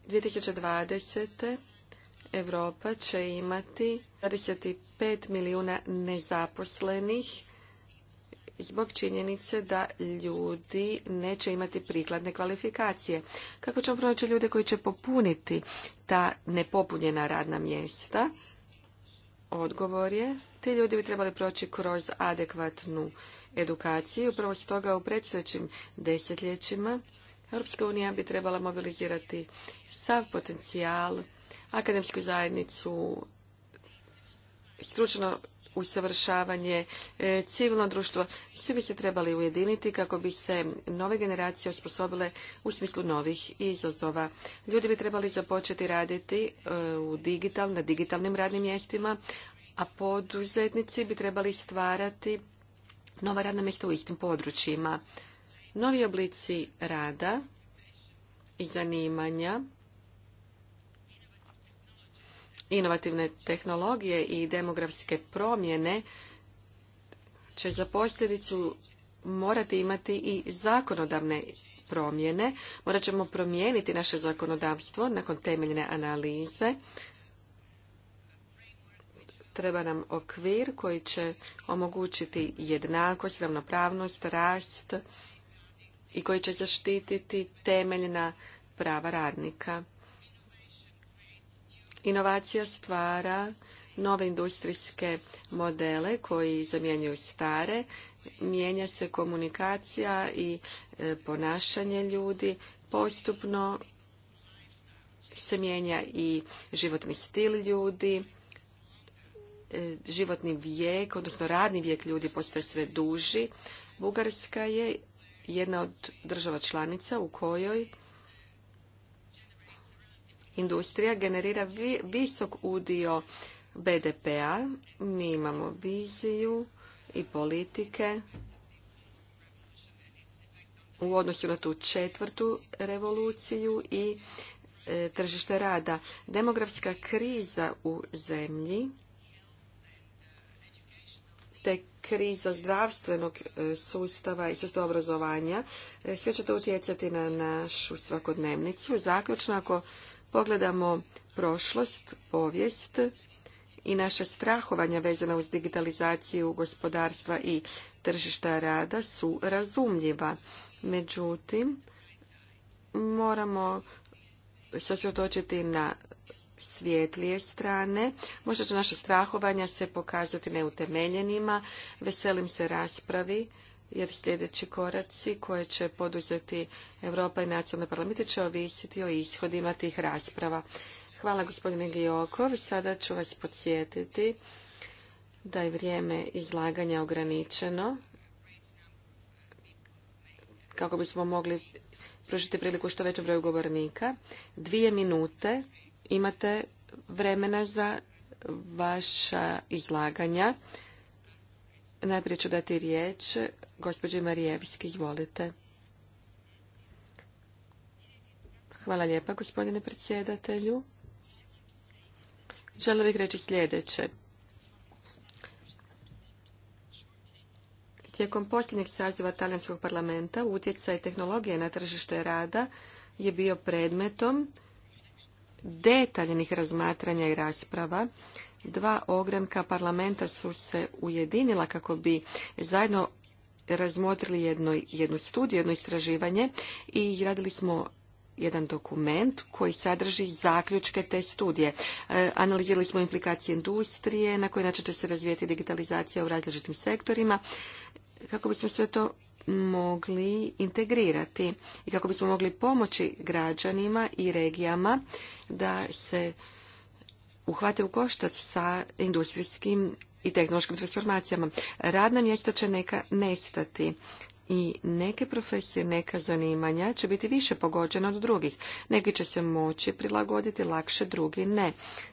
2020. Europa će imati 25 milijuna nezaposlenih zbog činjenice da ljudi neće imati prikladne kvalifikacije. Kako ćemo pronaći ljude koji će popuniti ta nepopunjena radna mjesta? Odgovor je, ti ljudi bi trebali proći kroz adekvatnu edukaciju. Upravo stoga u predstojećim desetljećima Europska unija bi trebala mobilizirati sav potencijal akademsku zajednicu, stručno usavršavanje, e, civilno društvo, svi bi se trebali ujediniti kako bi se nove generacije osposobile u smislu novih izazova. Ljudi bi trebali započeti raditi e, u digital, na digitalnim radnim mjestima, a poduzetnici bi trebali stvarati nova radna mjesta u istim područjima. Novi oblici rada i zanimanja inovativne tehnologije i demografske promjene će za posljedicu morati imati i zakonodavne promjene. Morat ćemo promijeniti naše zakonodavstvo nakon temeljne analize. Treba nam okvir koji će omogućiti jednakost, ravnopravnost, rast i koji će zaštititi temeljna prava radnika. Inovacija stvara nove industrijske modele koji zamjenjuju stare, mijenja se komunikacija i e, ponašanje ljudi, postupno se mijenja i životni stil ljudi, e, životni vijek, odnosno radni vijek ljudi postaje sve duži. Bugarska je jedna od država članica u kojoj industrija generira visok udio BDP-a. Mi imamo viziju i politike u odnosu na tu četvrtu revoluciju i e, tržište rada. Demografska kriza u zemlji te kriza zdravstvenog e, sustava i sustava obrazovanja e, sve će to utjecati na našu svakodnevnicu. Zaključno, ako pogledamo prošlost, povijest i naša strahovanja vezana uz digitalizaciju gospodarstva i tržišta rada su razumljiva. Međutim, moramo se osvjetočiti na svjetlije strane. Možda će naša strahovanja se pokazati neutemeljenima. Veselim se raspravi jer sljedeći koraci koje će poduzeti Europa i nacionalne parlamenti će ovisiti o ishodima tih rasprava. Hvala gospodine Gijokov. Sada ću vas podsjetiti da je vrijeme izlaganja ograničeno kako bismo mogli pružiti priliku što većem broju govornika. Dvije minute imate vremena za vaša izlaganja. Najprije ću dati riječ gospođi Marijevski, izvolite. Hvala lijepa, gospodine predsjedatelju. Želim bih reći sljedeće. Tijekom posljednjeg saziva talijanskog parlamenta utjecaj tehnologije na tržište rada je bio predmetom detaljnih razmatranja i rasprava dva ogranka parlamenta su se ujedinila kako bi zajedno razmotrili jedno, jednu studiju, jedno istraživanje i radili smo jedan dokument koji sadrži zaključke te studije. E, analizirali smo implikacije industrije, na koji način će se razvijeti digitalizacija u različitim sektorima, kako bismo sve to mogli integrirati i kako bismo mogli pomoći građanima i regijama da se uhvate u koštac sa industrijskim i tehnološkim transformacijama. Radna mjesta će neka nestati i neke profesije, neka zanimanja će biti više pogođena od drugih. Neki će se moći prilagoditi lakše, drugi ne.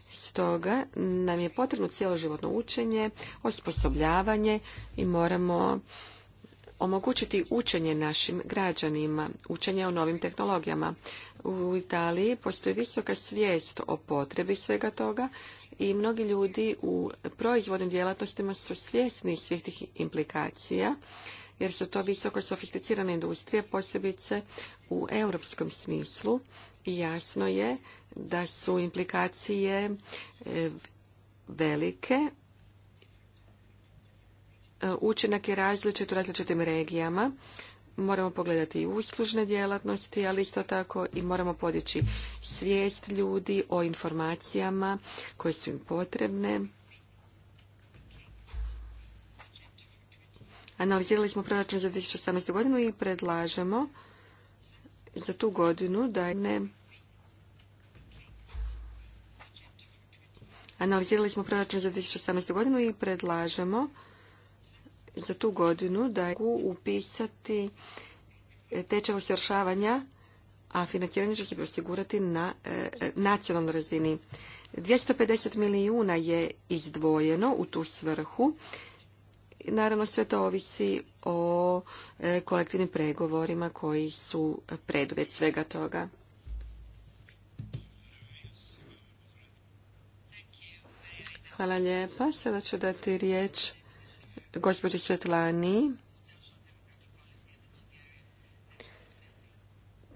Stoga nam je potrebno cijelo životno učenje, osposobljavanje i moramo omogućiti učenje našim građanima, učenje o novim tehnologijama. U Italiji postoji visoka svijest o potrebi svega toga i mnogi ljudi u proizvodnim djelatnostima su svjesni svih tih implikacija, jer su to visoko sofisticirane industrije, posebice u europskom smislu. I jasno je da su implikacije e, velike E, učinak je različit u različitim regijama. Moramo pogledati i uslužne djelatnosti, ali isto tako i moramo podići svijest ljudi o informacijama koje su im potrebne. Analizirali smo proračun za 2018. godinu i predlažemo za tu godinu da ne Analizirali smo proračun za 2018. godinu i predlažemo za tu godinu da mogu upisati tečaj usavršavanja, a financiranje će se osigurati na e, e, nacionalnoj razini. 250 milijuna je izdvojeno u tu svrhu. Naravno, sve to ovisi o e, kolektivnim pregovorima koji su preduvjet svega toga. Hvala lijepa. Sada ću dati riječ gospođi Svetlani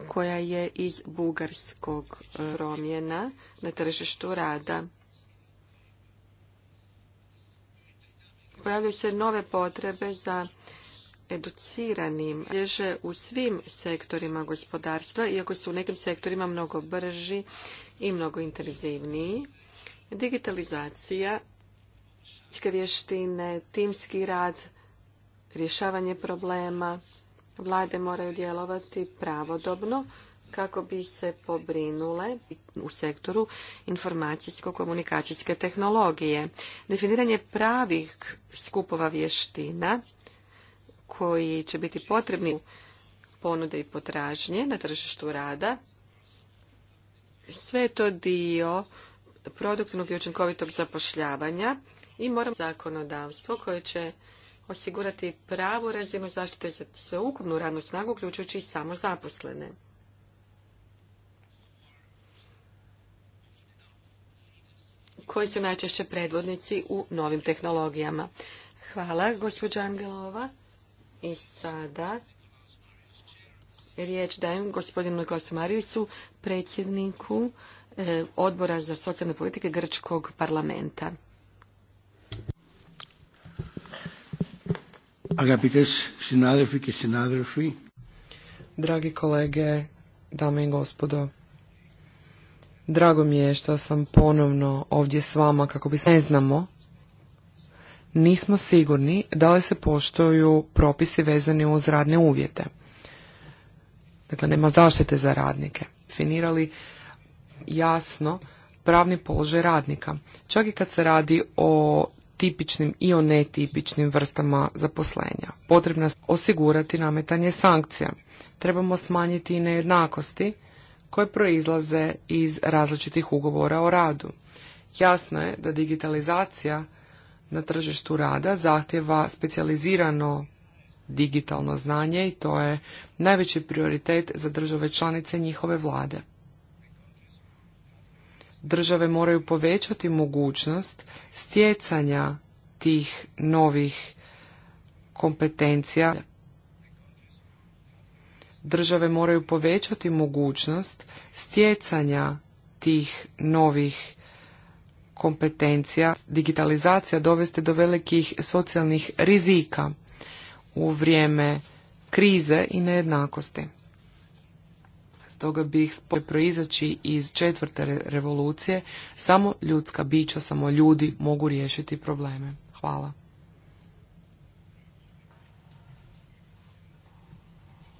koja je iz bugarskog e, romjena na tržištu rada. Pojavljaju se nove potrebe za educiranim ježe u svim sektorima gospodarstva, iako su u nekim sektorima mnogo brži i mnogo intenzivniji. Digitalizacija ljudske vještine, timski rad, rješavanje problema. Vlade moraju djelovati pravodobno kako bi se pobrinule u sektoru informacijsko-komunikacijske tehnologije. Definiranje pravih skupova vještina koji će biti potrebni ponude i potražnje na tržištu rada. Sve je to dio produktivnog i učinkovitog zapošljavanja i moramo zakonodavstvo koje će osigurati pravu razinu zaštite za sveukupnu radnu snagu, uključujući i samozaposlene. koji su najčešće predvodnici u novim tehnologijama. Hvala, gospođa Angelova. I sada riječ dajem gospodinu Niklasu Marijusu, predsjedniku eh, Odbora za socijalne politike Grčkog parlamenta.
Dragi kolege, dame i gospodo, drago mi je što sam ponovno ovdje s vama kako bi se ne znamo. Nismo sigurni da li se poštuju propisi vezani uz radne uvjete. Dakle, nema zaštite za radnike. Definirali jasno pravni položaj radnika. Čak i kad se radi o tipičnim i o netipičnim vrstama zaposlenja. Potrebno je osigurati nametanje sankcija. Trebamo smanjiti i nejednakosti koje proizlaze iz različitih ugovora o radu. Jasno je da digitalizacija na tržištu rada zahtjeva specijalizirano digitalno znanje i to je najveći prioritet za države članice njihove vlade države moraju povećati mogućnost stjecanja tih novih kompetencija. Države moraju povećati mogućnost stjecanja tih novih kompetencija. Digitalizacija dovesti do velikih socijalnih rizika u vrijeme krize i nejednakosti toga bih proizaći iz četvrte revolucije, samo ljudska bića, samo ljudi mogu riješiti probleme. Hvala.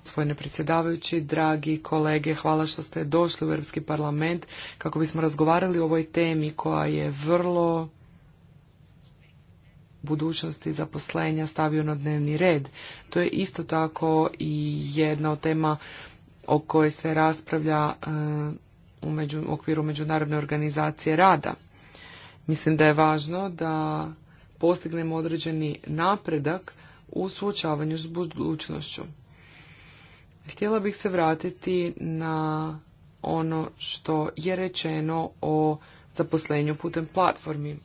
Gospodine predsjedavajući, dragi kolege, hvala što ste došli u Europski parlament kako bismo razgovarali o ovoj temi koja je vrlo budućnosti zaposlenja stavio na dnevni red. To je isto tako i jedna od tema o kojoj se raspravlja e, u, okviru Međunarodne organizacije rada. Mislim da je važno da postignemo određeni napredak u suočavanju s budućnošću. Htjela bih se vratiti na ono što je rečeno o zaposlenju putem platformi.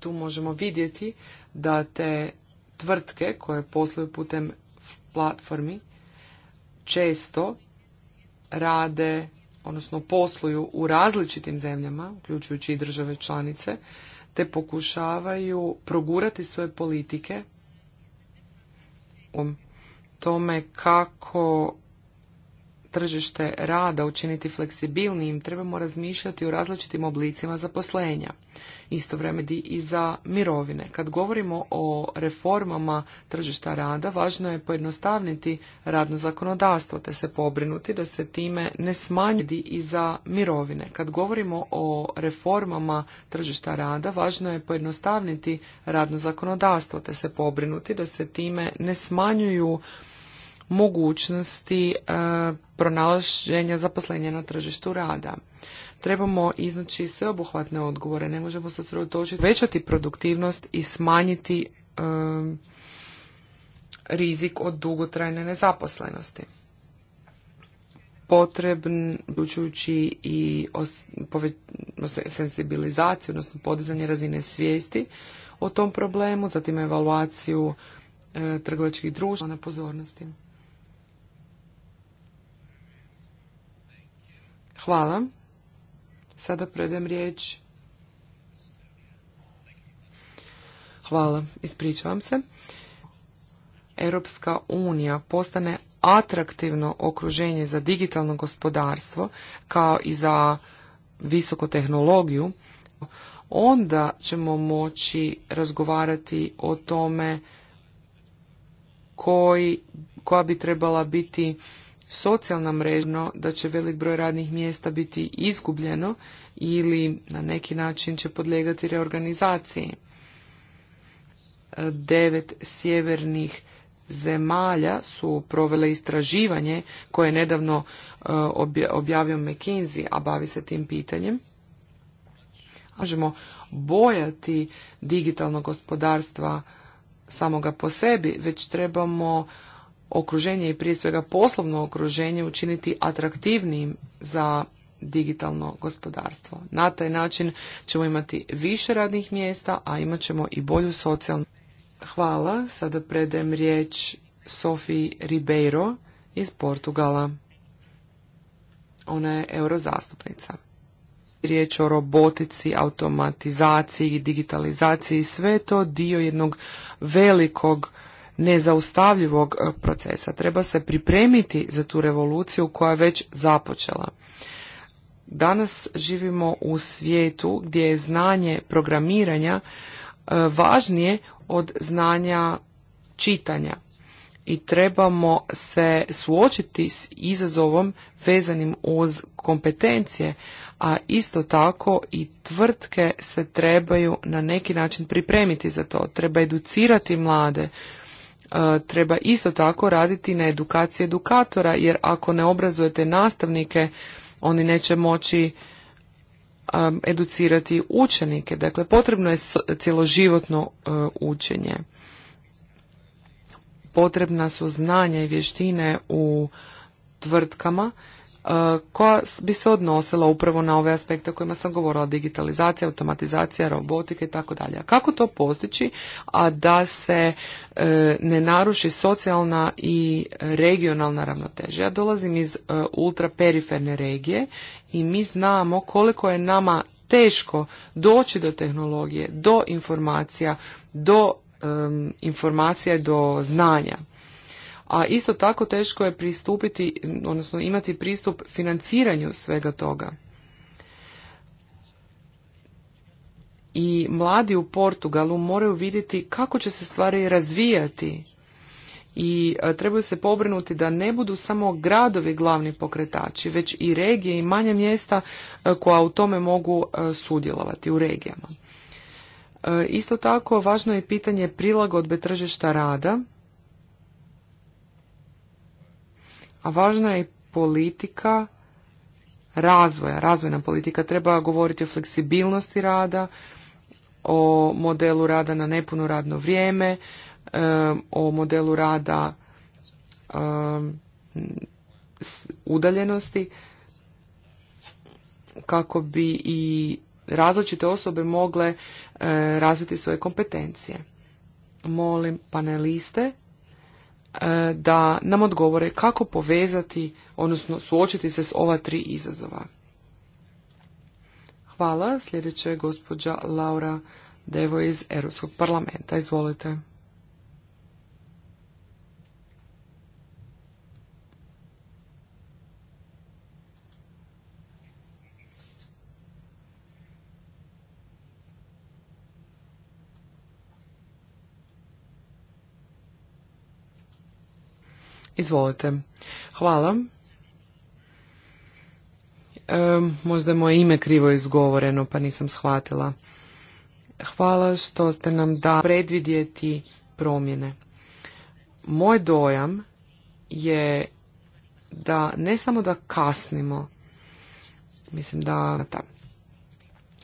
Tu možemo vidjeti da te tvrtke koje posluju putem platformi često rade, odnosno posluju u različitim zemljama, uključujući i države članice, te pokušavaju progurati svoje politike o tome kako tržište rada učiniti fleksibilnijim, trebamo razmišljati o različitim oblicima zaposlenja isto i za mirovine. Kad govorimo o reformama tržišta rada, važno je pojednostavniti radno zakonodavstvo te se pobrinuti da se time ne smanjidi i za mirovine. Kad govorimo o reformama tržišta rada, važno je pojednostavniti radno zakonodavstvo te se pobrinuti da se time ne smanjuju mogućnosti e, pronalaženja zaposlenja na tržištu rada. Trebamo iznaći sveobuhvatne odgovore, ne možemo se sredotočiti, većati produktivnost i smanjiti rizik od dugotrajne nezaposlenosti. Potrebn, uključujući i os, pove, sensibilizaciju, odnosno podizanje razine svijesti o tom problemu, zatim evaluaciju e, trgovačkih društva na pozornosti. Hvala. Sada predem riječ. Hvala, ispričavam se. Europska unija postane atraktivno okruženje za digitalno gospodarstvo kao i za visoku tehnologiju, onda ćemo moći razgovarati o tome koji, koja bi trebala biti socijalna mrežno da će velik broj radnih mjesta biti izgubljeno ili na neki način će podlegati reorganizaciji. Devet sjevernih zemalja su provele istraživanje koje je nedavno e, objavio McKinsey, a bavi se tim pitanjem. Možemo bojati digitalnog gospodarstva samoga po sebi, već trebamo okruženje i prije svega poslovno okruženje učiniti atraktivnijim za digitalno gospodarstvo. Na taj način ćemo imati više radnih mjesta, a imat ćemo i bolju socijalnu. Hvala, sada predajem riječ Sofiji Ribeiro iz Portugala. Ona je eurozastupnica. Riječ o robotici, automatizaciji, digitalizaciji, sve to dio jednog velikog nezaustavljivog e, procesa. Treba se pripremiti za tu revoluciju koja je već započela. Danas živimo u svijetu gdje je znanje programiranja e, važnije od znanja čitanja i trebamo se suočiti s izazovom vezanim uz kompetencije, a isto tako i tvrtke se trebaju na neki način pripremiti za to. Treba educirati mlade, E, treba isto tako raditi na edukaciji edukatora jer ako ne obrazujete nastavnike oni neće moći educirati učenike. Dakle, potrebno je cjeloživotno e, učenje. Potrebna su znanja i vještine u tvrtkama koja bi se odnosila upravo na ove aspekte o kojima sam govorila, digitalizacija, automatizacija, robotika i tako dalje. Kako to postići, a da se e, ne naruši socijalna i regionalna ravnoteža? Ja dolazim iz e, ultraperiferne regije i mi znamo koliko je nama teško doći do tehnologije, do informacija, do informacija do znanja a isto tako teško je pristupiti, odnosno imati pristup financiranju svega toga. I mladi u Portugalu moraju vidjeti kako će se stvari razvijati i e, trebaju se pobrinuti da ne budu samo gradovi glavni pokretači, već i regije i manja mjesta e, koja u tome mogu e, sudjelovati u regijama. Isto tako, važno je pitanje prilagodbe tržišta rada a važna je politika razvoja, razvojna politika. Treba govoriti o fleksibilnosti rada, o modelu rada na nepuno radno vrijeme, o modelu rada udaljenosti kako bi i različite osobe mogle razviti svoje kompetencije. Molim paneliste E, da nam odgovore kako povezati, odnosno suočiti se s ova tri izazova. Hvala. Sljedeća je gospođa Laura Devo iz Europskog parlamenta. Izvolite. Izvolite. Hvala. E, možda je moje ime krivo izgovoreno, pa nisam shvatila. Hvala što ste nam da predvidjeti promjene. Moj dojam je da ne samo da kasnimo, mislim da, da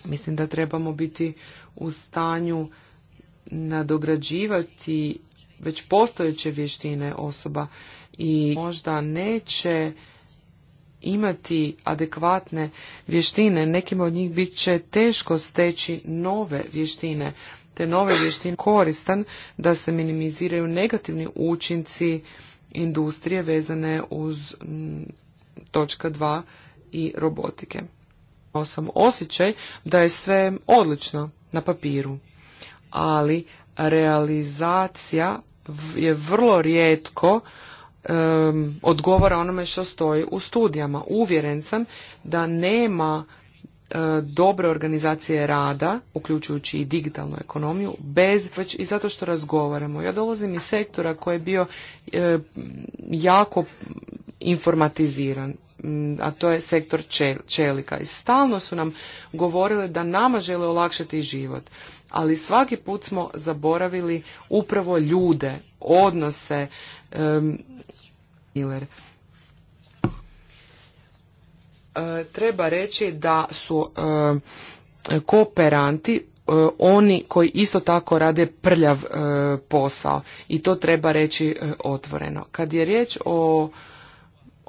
mislim da trebamo biti u stanju nadograđivati već postojeće vještine osoba i možda neće imati adekvatne vještine. Nekim od njih bit će teško steći nove vještine. Te nove vještine koristan da se minimiziraju negativni učinci industrije vezane uz mm, točka 2 i robotike. sam osjećaj da je sve odlično na papiru, ali realizacija je vrlo rijetko um, odgovara onome što stoji u studijama. Uvjeren sam da nema e, dobre organizacije rada, uključujući i digitalnu ekonomiju, bez, već i zato što razgovaramo. Ja dolazim iz sektora koji je bio e, jako informatiziran, a to je sektor čelika. I stalno su nam govorili da nama žele olakšati život, ali svaki put smo zaboravili upravo ljude, odnose, Miller. E, treba reći da su e, kooperanti e, oni koji isto tako rade prljav posao i to treba reći otvoreno. Kad je riječ o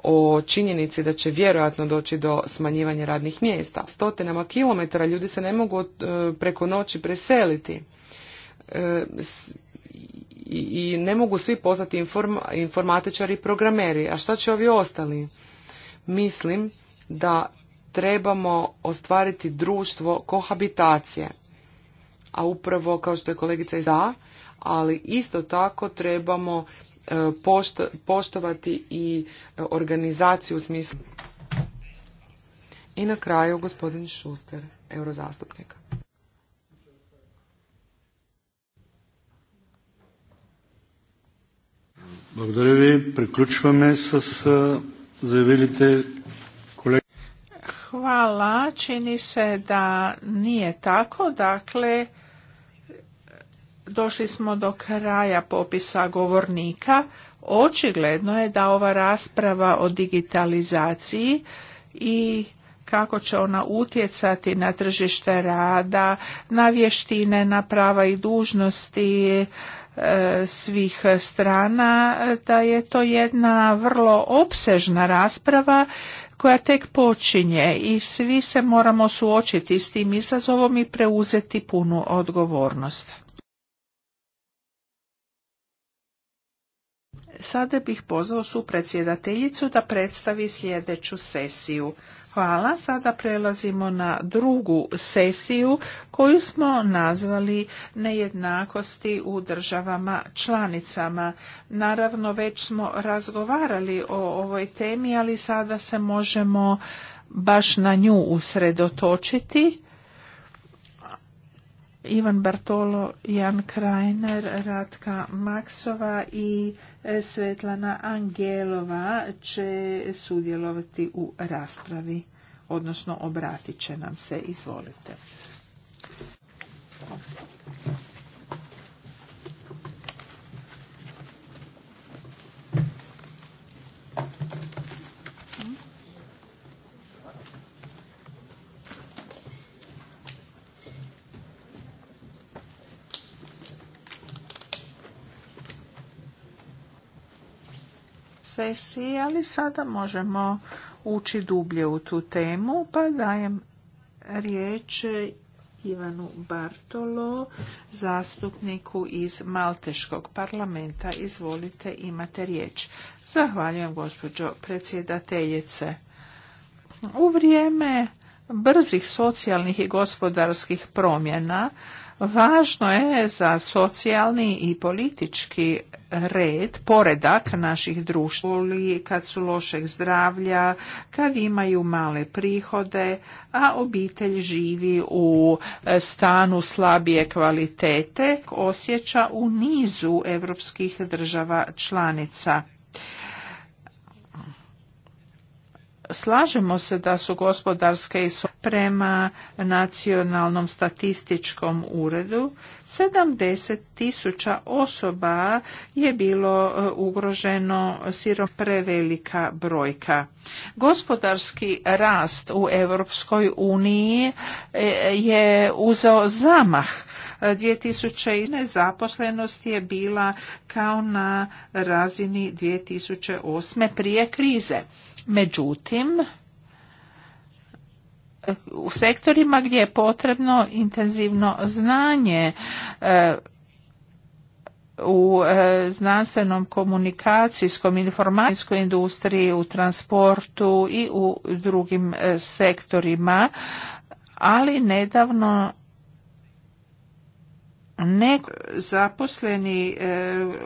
o činjenici da će vjerojatno doći do smanjivanja radnih mjesta. Stotinama kilometara ljudi se ne mogu preko noći preseliti i, ne mogu svi postati informatičari i programeri. A šta će ovi ostali? Mislim da trebamo ostvariti društvo kohabitacije. A upravo kao što je kolegica i za, ali isto tako trebamo e, poštovati i e, organizaciju u smislu. I na kraju gospodin Šuster, eurozastupnik. Благодаря ви. Приключваме с заявилите колеги.
Hvala. Čini se da nije tako. Dakle, došli smo do kraja popisa govornika. Očigledno je da ova rasprava o digitalizaciji i kako će ona utjecati na tržište rada, na vještine, na prava i dužnosti, E, svih strana e, da je to jedna vrlo opsežna rasprava koja tek počinje i svi se moramo suočiti s tim izazovom i preuzeti punu odgovornost. Sada bih pozvao su predsjedateljicu da predstavi sljedeću sesiju. Hvala. Sada prelazimo na drugu sesiju koju smo nazvali nejednakosti u državama članicama. Naravno već smo razgovarali o ovoj temi, ali sada se možemo baš na nju usredotočiti. Ivan Bartolo, Jan Krajner, Ratka Maksova i Svetlana Angelova će sudjelovati u raspravi, odnosno obratit će nam se. Izvolite. sesiji, ali sada možemo ući dublje u tu temu, pa dajem riječ Ivanu Bartolo, zastupniku iz Malteškog parlamenta. Izvolite, imate riječ. Zahvaljujem, gospođo predsjedateljice. U vrijeme brzih socijalnih i gospodarskih promjena Važno je za socijalni i politički red, poredak naših društva, kad su lošeg zdravlja, kad imaju male prihode, a obitelj živi u e, stanu slabije kvalitete, osjeća u nizu europskih država članica slažemo se da su gospodarske i prema nacionalnom statističkom uredu 70 tisuća osoba je bilo e, ugroženo sirom prevelika brojka. Gospodarski rast u Europskoj uniji e, je uzeo zamah. 2000 zaposlenost je bila kao na razini 2008. prije krize. Međutim, u sektorima gdje je potrebno intenzivno znanje e, u e, znanstvenom komunikacijskom informacijskoj industriji, u transportu i u drugim e, sektorima, ali nedavno ne zaposleni e,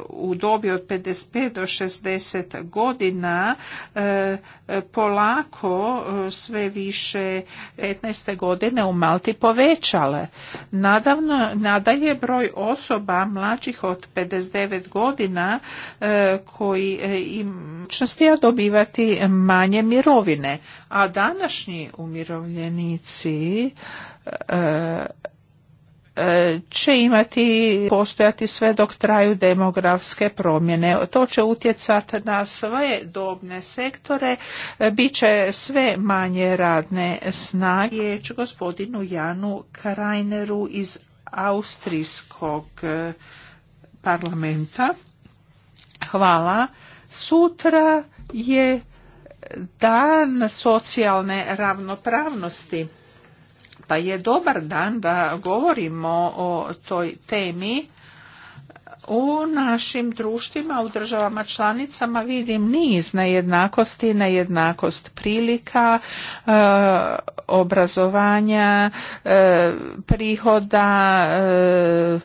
u dobi od 55 do 60 godina e, polako e, sve više 15. godine u Malti povećale. Nadavno, nadalje broj osoba mlađih od 59 godina koji im čestija dobivati manje mirovine. A današnji umirovljenici će imati postojati sve dok traju demografske promjene. To će utjecati na sve dobne sektore, bit će sve manje radne snage. Riječ gospodinu Janu Krajneru iz Austrijskog eh, parlamenta. Hvala. Sutra je dan socijalne ravnopravnosti pa je dobar dan da govorimo o toj temi. U našim društvima, u državama članicama vidim niz nejednakosti, nejednakost prilika, e, obrazovanja, e, prihoda, e,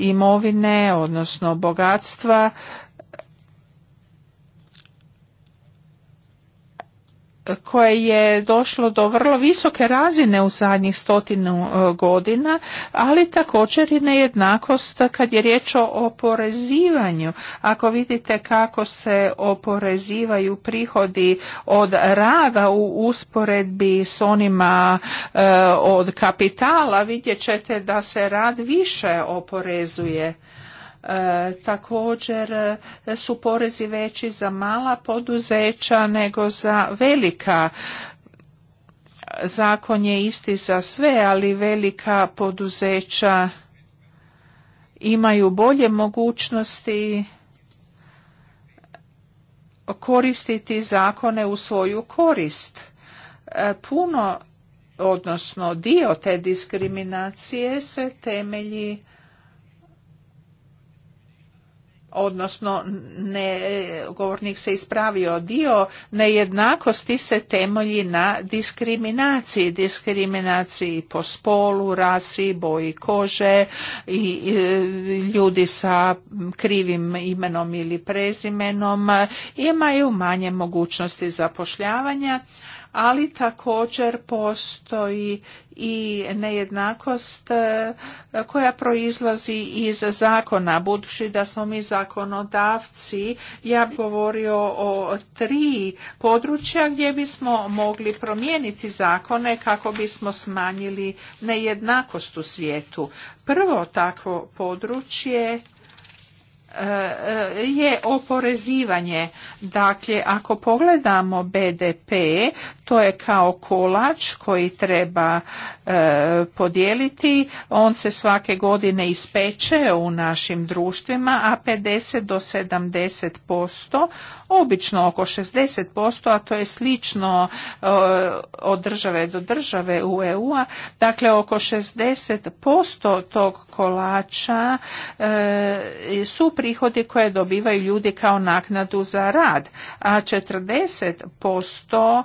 imovine, odnosno bogatstva koje je došlo do vrlo visoke razine u zadnjih stotinu e, godina, ali također i nejednakost kad je riječ o oporezivanju. Ako vidite kako se oporezivaju prihodi od rada u usporedbi s onima e, od kapitala, vidjet ćete da se rad više oporezuje. Također su porezi veći za mala poduzeća nego za velika zakon je isti za sve, ali velika poduzeća imaju bolje mogućnosti koristiti zakone u svoju korist. E, puno, odnosno dio te diskriminacije se temelji odnosno ne, govornik se ispravio dio nejednakosti se temelji na diskriminaciji diskriminaciji po spolu rasi boji kože i, i ljudi sa krivim imenom ili prezimenom imaju manje mogućnosti zapošljavanja ali također postoji i nejednakost e, koja proizlazi iz zakona. Budući da smo mi zakonodavci, ja bih govorio o tri područja gdje bismo mogli promijeniti zakone kako bismo smanjili nejednakost u svijetu. Prvo takvo područje je oporezivanje. Dakle, ako pogledamo BDP, to je kao kolač koji treba e, podijeliti. On se svake godine ispeče u našim društvima, a 50 do 70%, obično oko 60%, a to je slično e, od države do države u EU-a, dakle oko 60% tog kolača e, su prihodi koje dobivaju ljudi kao naknadu za rad, a 40%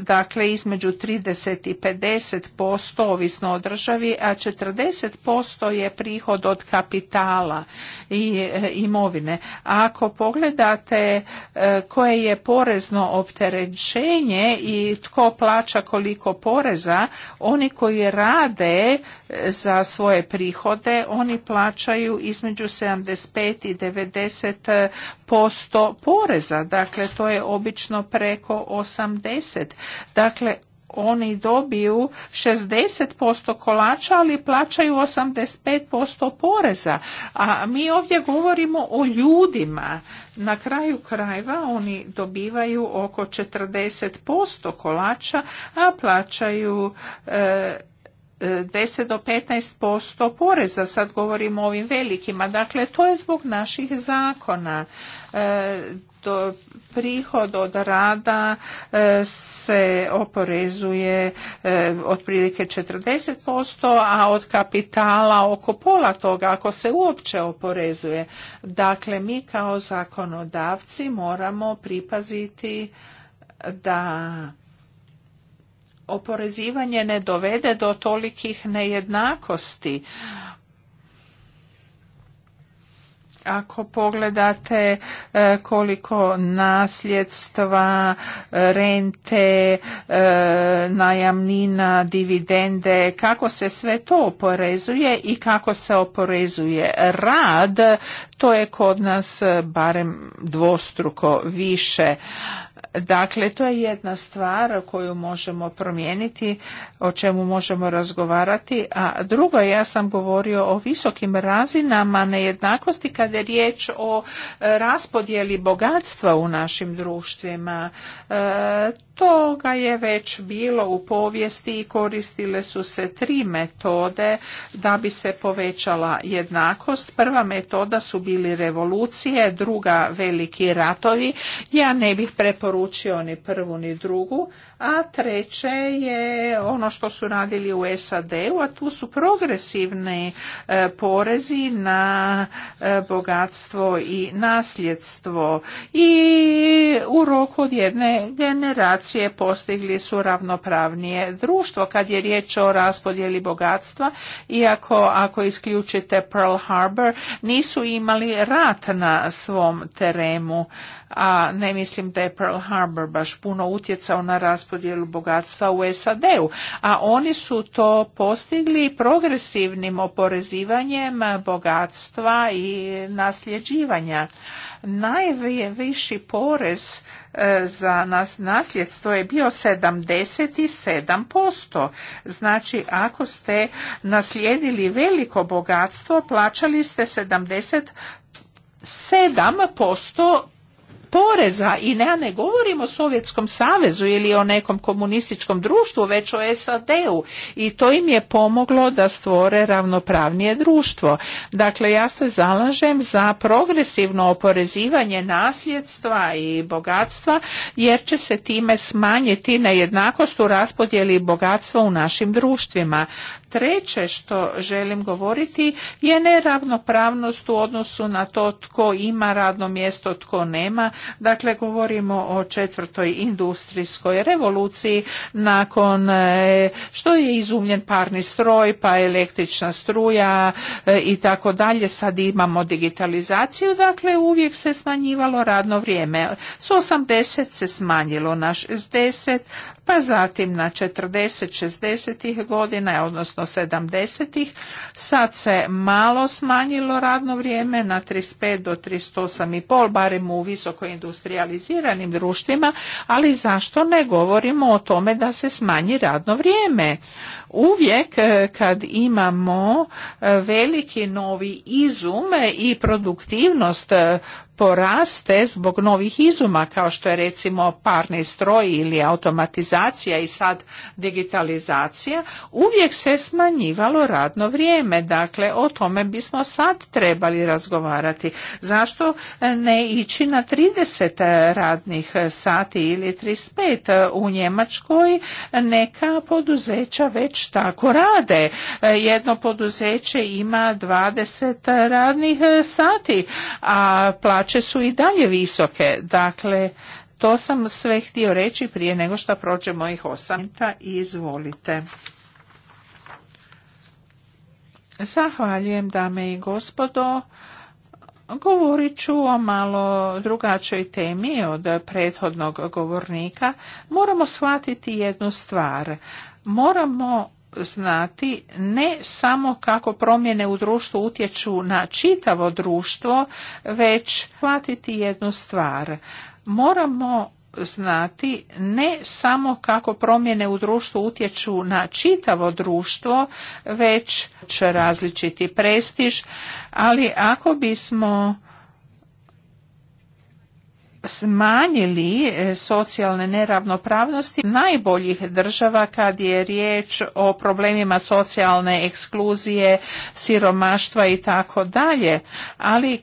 dakle između 30 i 50% ovisno o državi, a 40% je prihod od kapitala i e, imovine. ako pogledate e, koje je porezno opterećenje i tko plaća koliko poreza, oni koji rade e, za svoje prihode, oni plaćaju između 75 i 90 posto poreza dakle to je obično preko 80 dakle oni dobiju 60% kolača, ali plaćaju 85% poreza. A mi ovdje govorimo o ljudima. Na kraju krajeva oni dobivaju oko 40% kolača, a plaćaju e, 10 do 15 posto poreza, sad govorimo o ovim velikima, dakle to je zbog naših zakona. E, do, prihod od rada e, se oporezuje e, otprilike 40%, a od kapitala oko pola toga, ako se uopće oporezuje. Dakle, mi kao zakonodavci moramo pripaziti da oporezivanje ne dovede do tolikih nejednakosti. Ako pogledate e, koliko nasljedstva, e, rente, e, najamnina, dividende, kako se sve to oporezuje i kako se oporezuje rad, to je kod nas barem dvostruko više. Dakle, to je jedna stvar koju možemo promijeniti, o čemu možemo razgovarati. A drugo, ja sam govorio o visokim razinama nejednakosti kada je riječ o e, raspodjeli bogatstva u našim društvima. E, toga je već bilo u povijesti i koristile su se tri metode da bi se povećala jednakost. Prva metoda su bili revolucije, druga veliki ratovi. Ja ne bih preporučio ni prvu ni drugu, a treće je ono što su radili u SAD-u, a tu su progresivne porezi na e, bogatstvo i nasljedstvo i u roku od jedne generacije postigli su ravnopravnije društvo kad je riječ o raspodjeli bogatstva, iako ako isključite Pearl Harbor nisu imali rat na svom terenu a ne mislim da je Pearl Harbor baš puno utjecao na raspodjelu bogatstva u SAD-u, a oni su to postigli progresivnim oporezivanjem bogatstva i nasljeđivanja. Najviši porez e, za nasljedstvo je bio 77%. Znači, ako ste naslijedili veliko bogatstvo, plaćali ste 77% poreza i ja ne govorim o Sovjetskom savezu ili o nekom komunističkom društvu, već o SAD-u i to im je pomoglo da stvore ravnopravnije društvo. Dakle, ja se zalažem za progresivno oporezivanje nasljedstva i bogatstva jer će se time smanjiti nejednakost u raspodjeli bogatstva u našim društvima treće što želim govoriti je neravnopravnost u odnosu na to tko ima radno mjesto, tko nema. Dakle, govorimo o četvrtoj industrijskoj revoluciji nakon e, što je izumljen parni stroj, pa električna struja e, i tako dalje. Sad imamo digitalizaciju, dakle uvijek se smanjivalo radno vrijeme. S 80 se smanjilo na 60, pa zatim na 40, 60 godina, odnosno 70 Sad se malo smanjilo radno vrijeme na 35 do pol, barem u visoko industrializiranim društvima, ali zašto ne govorimo o tome da se smanji radno vrijeme? Uvijek e, kad imamo e, veliki novi izum i produktivnost e, poraste zbog novih izuma kao što je recimo parni stroj ili automatizacija i sad digitalizacija, uvijek se smanjivalo radno vrijeme. Dakle, o tome bismo sad trebali razgovarati. Zašto ne ići na 30 radnih sati ili 35 u Njemačkoj neka poduzeća već tako rade. Jedno poduzeće ima 20 radnih sati, a plaća plaće su i dalje visoke. Dakle, to sam sve htio reći prije nego što prođe mojih osam. izvolite. Zahvaljujem dame i gospodo. Govorit ću o malo drugačoj temi od prethodnog govornika. Moramo shvatiti jednu stvar. Moramo znati ne samo kako promjene u društvu utječu na čitavo društvo, već shvatiti jednu stvar. Moramo znati ne samo kako promjene u društvu utječu na čitavo društvo, već će različiti prestiž, ali ako bismo smanjili e, socijalne neravnopravnosti najboljih država kad je riječ o problemima socijalne ekskluzije, siromaštva i tako dalje. Ali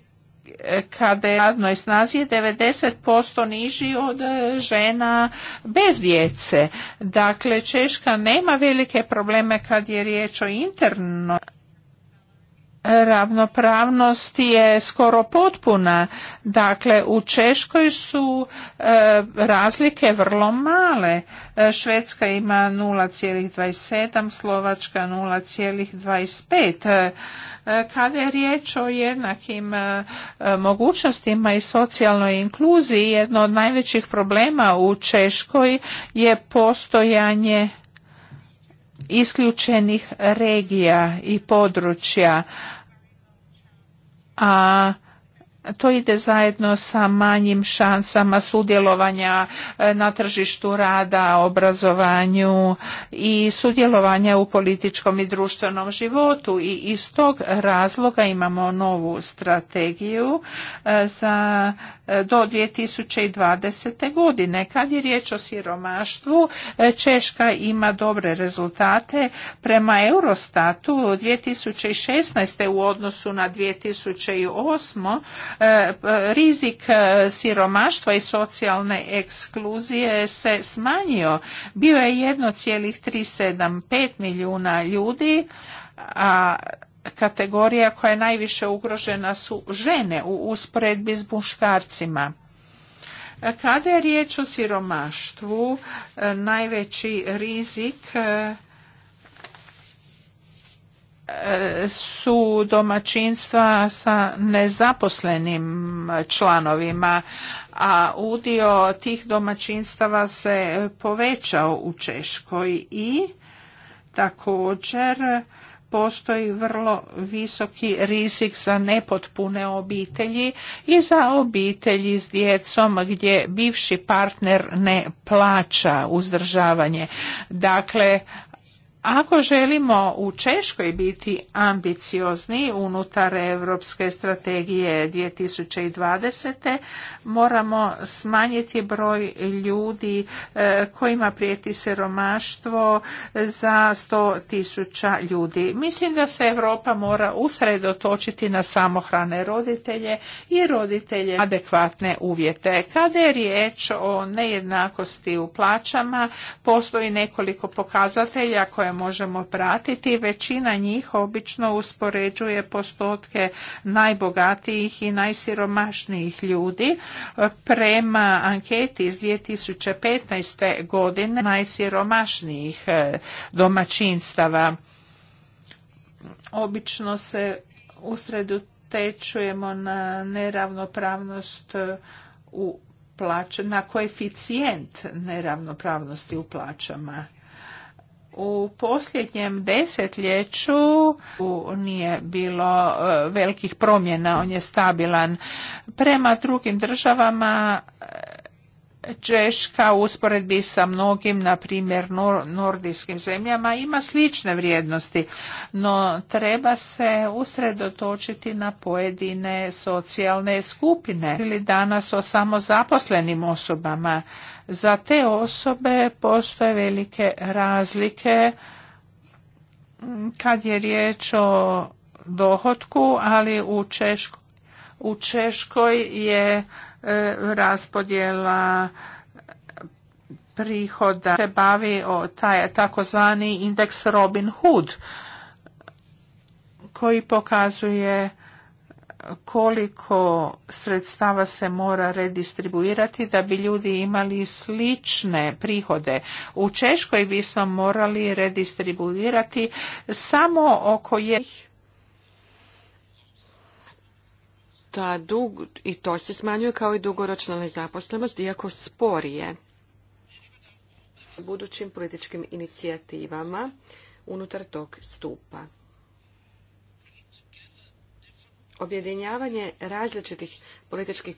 e, kada je radnoj snazi 90% niži od e, žena bez djece. Dakle, Češka nema velike probleme kad je riječ o internoj ravnopravnost je skoro potpuna. Dakle, u Češkoj su e, razlike vrlo male. E, Švedska ima 0,27, Slovačka 0,25. E, kada je riječ o jednakim mogućnostima i socijalnoj inkluziji, jedno od najvećih problema u Češkoj je postojanje isključenih regija i područja a to ide zajedno sa manjim šansama sudjelovanja e, na tržištu rada, obrazovanju i sudjelovanja u političkom i društvenom životu i iz tog razloga imamo novu strategiju e, za e, do 2020. godine. Kad je riječ o siromaštvu, Češka ima dobre rezultate. Prema Eurostatu 2016. u odnosu na 2008 E, rizik e, siromaštva i socijalne ekskluzije se smanjio. Bio je 1,375 milijuna ljudi, a kategorija koja je najviše ugrožena su žene u usporedbi s muškarcima. E, kada je riječ o siromaštvu, najveći rizik E, su domaćinstva sa nezaposlenim članovima, a udio tih domaćinstava se povećao u Češkoj i također postoji vrlo visoki rizik za nepotpune obitelji i za obitelji s djecom gdje bivši partner ne plaća uzdržavanje. Dakle, ako želimo u Češkoj biti ambiciozni unutar Europske strategije 2020. moramo smanjiti broj ljudi e, kojima prijeti siromaštvo za 100 tisuća ljudi. Mislim da se Europa mora usredotočiti na samohrane roditelje i roditelje adekvatne uvjete. Kada je riječ o nejednakosti u plaćama, postoji nekoliko pokazatelja koje možemo pratiti, većina njih obično uspoređuje postotke najbogatijih i najsiromašnijih ljudi. Prema anketi iz 2015. godine najsiromašnijih e, domaćinstava obično se usredotečujemo na neravnopravnost e, u na koeficijent neravnopravnosti u plaćama u posljednjem desetljeću nije bilo e, velikih promjena, on je stabilan. Prema drugim državama e, Češka u usporedbi sa mnogim, na primjer nordijskim zemljama, ima slične vrijednosti, no treba se usredotočiti na pojedine socijalne skupine ili danas o samozaposlenim osobama. Za te osobe postoje velike razlike mm, kad je riječ o dohotku, ali u Češkoj, u Češkoj je e, raspodjela prihoda se bavi o taj takozvani indeks Robin Hood koji pokazuje koliko sredstava se mora redistribuirati da bi ljudi imali slične prihode. U Češkoj bismo morali redistribuirati samo oko je ta dug,
i to se smanjuje kao i dugoročna nezaposlenost, iako sporije. Budućim političkim inicijativama unutar tog stupa
objedinjavanje različitih političkih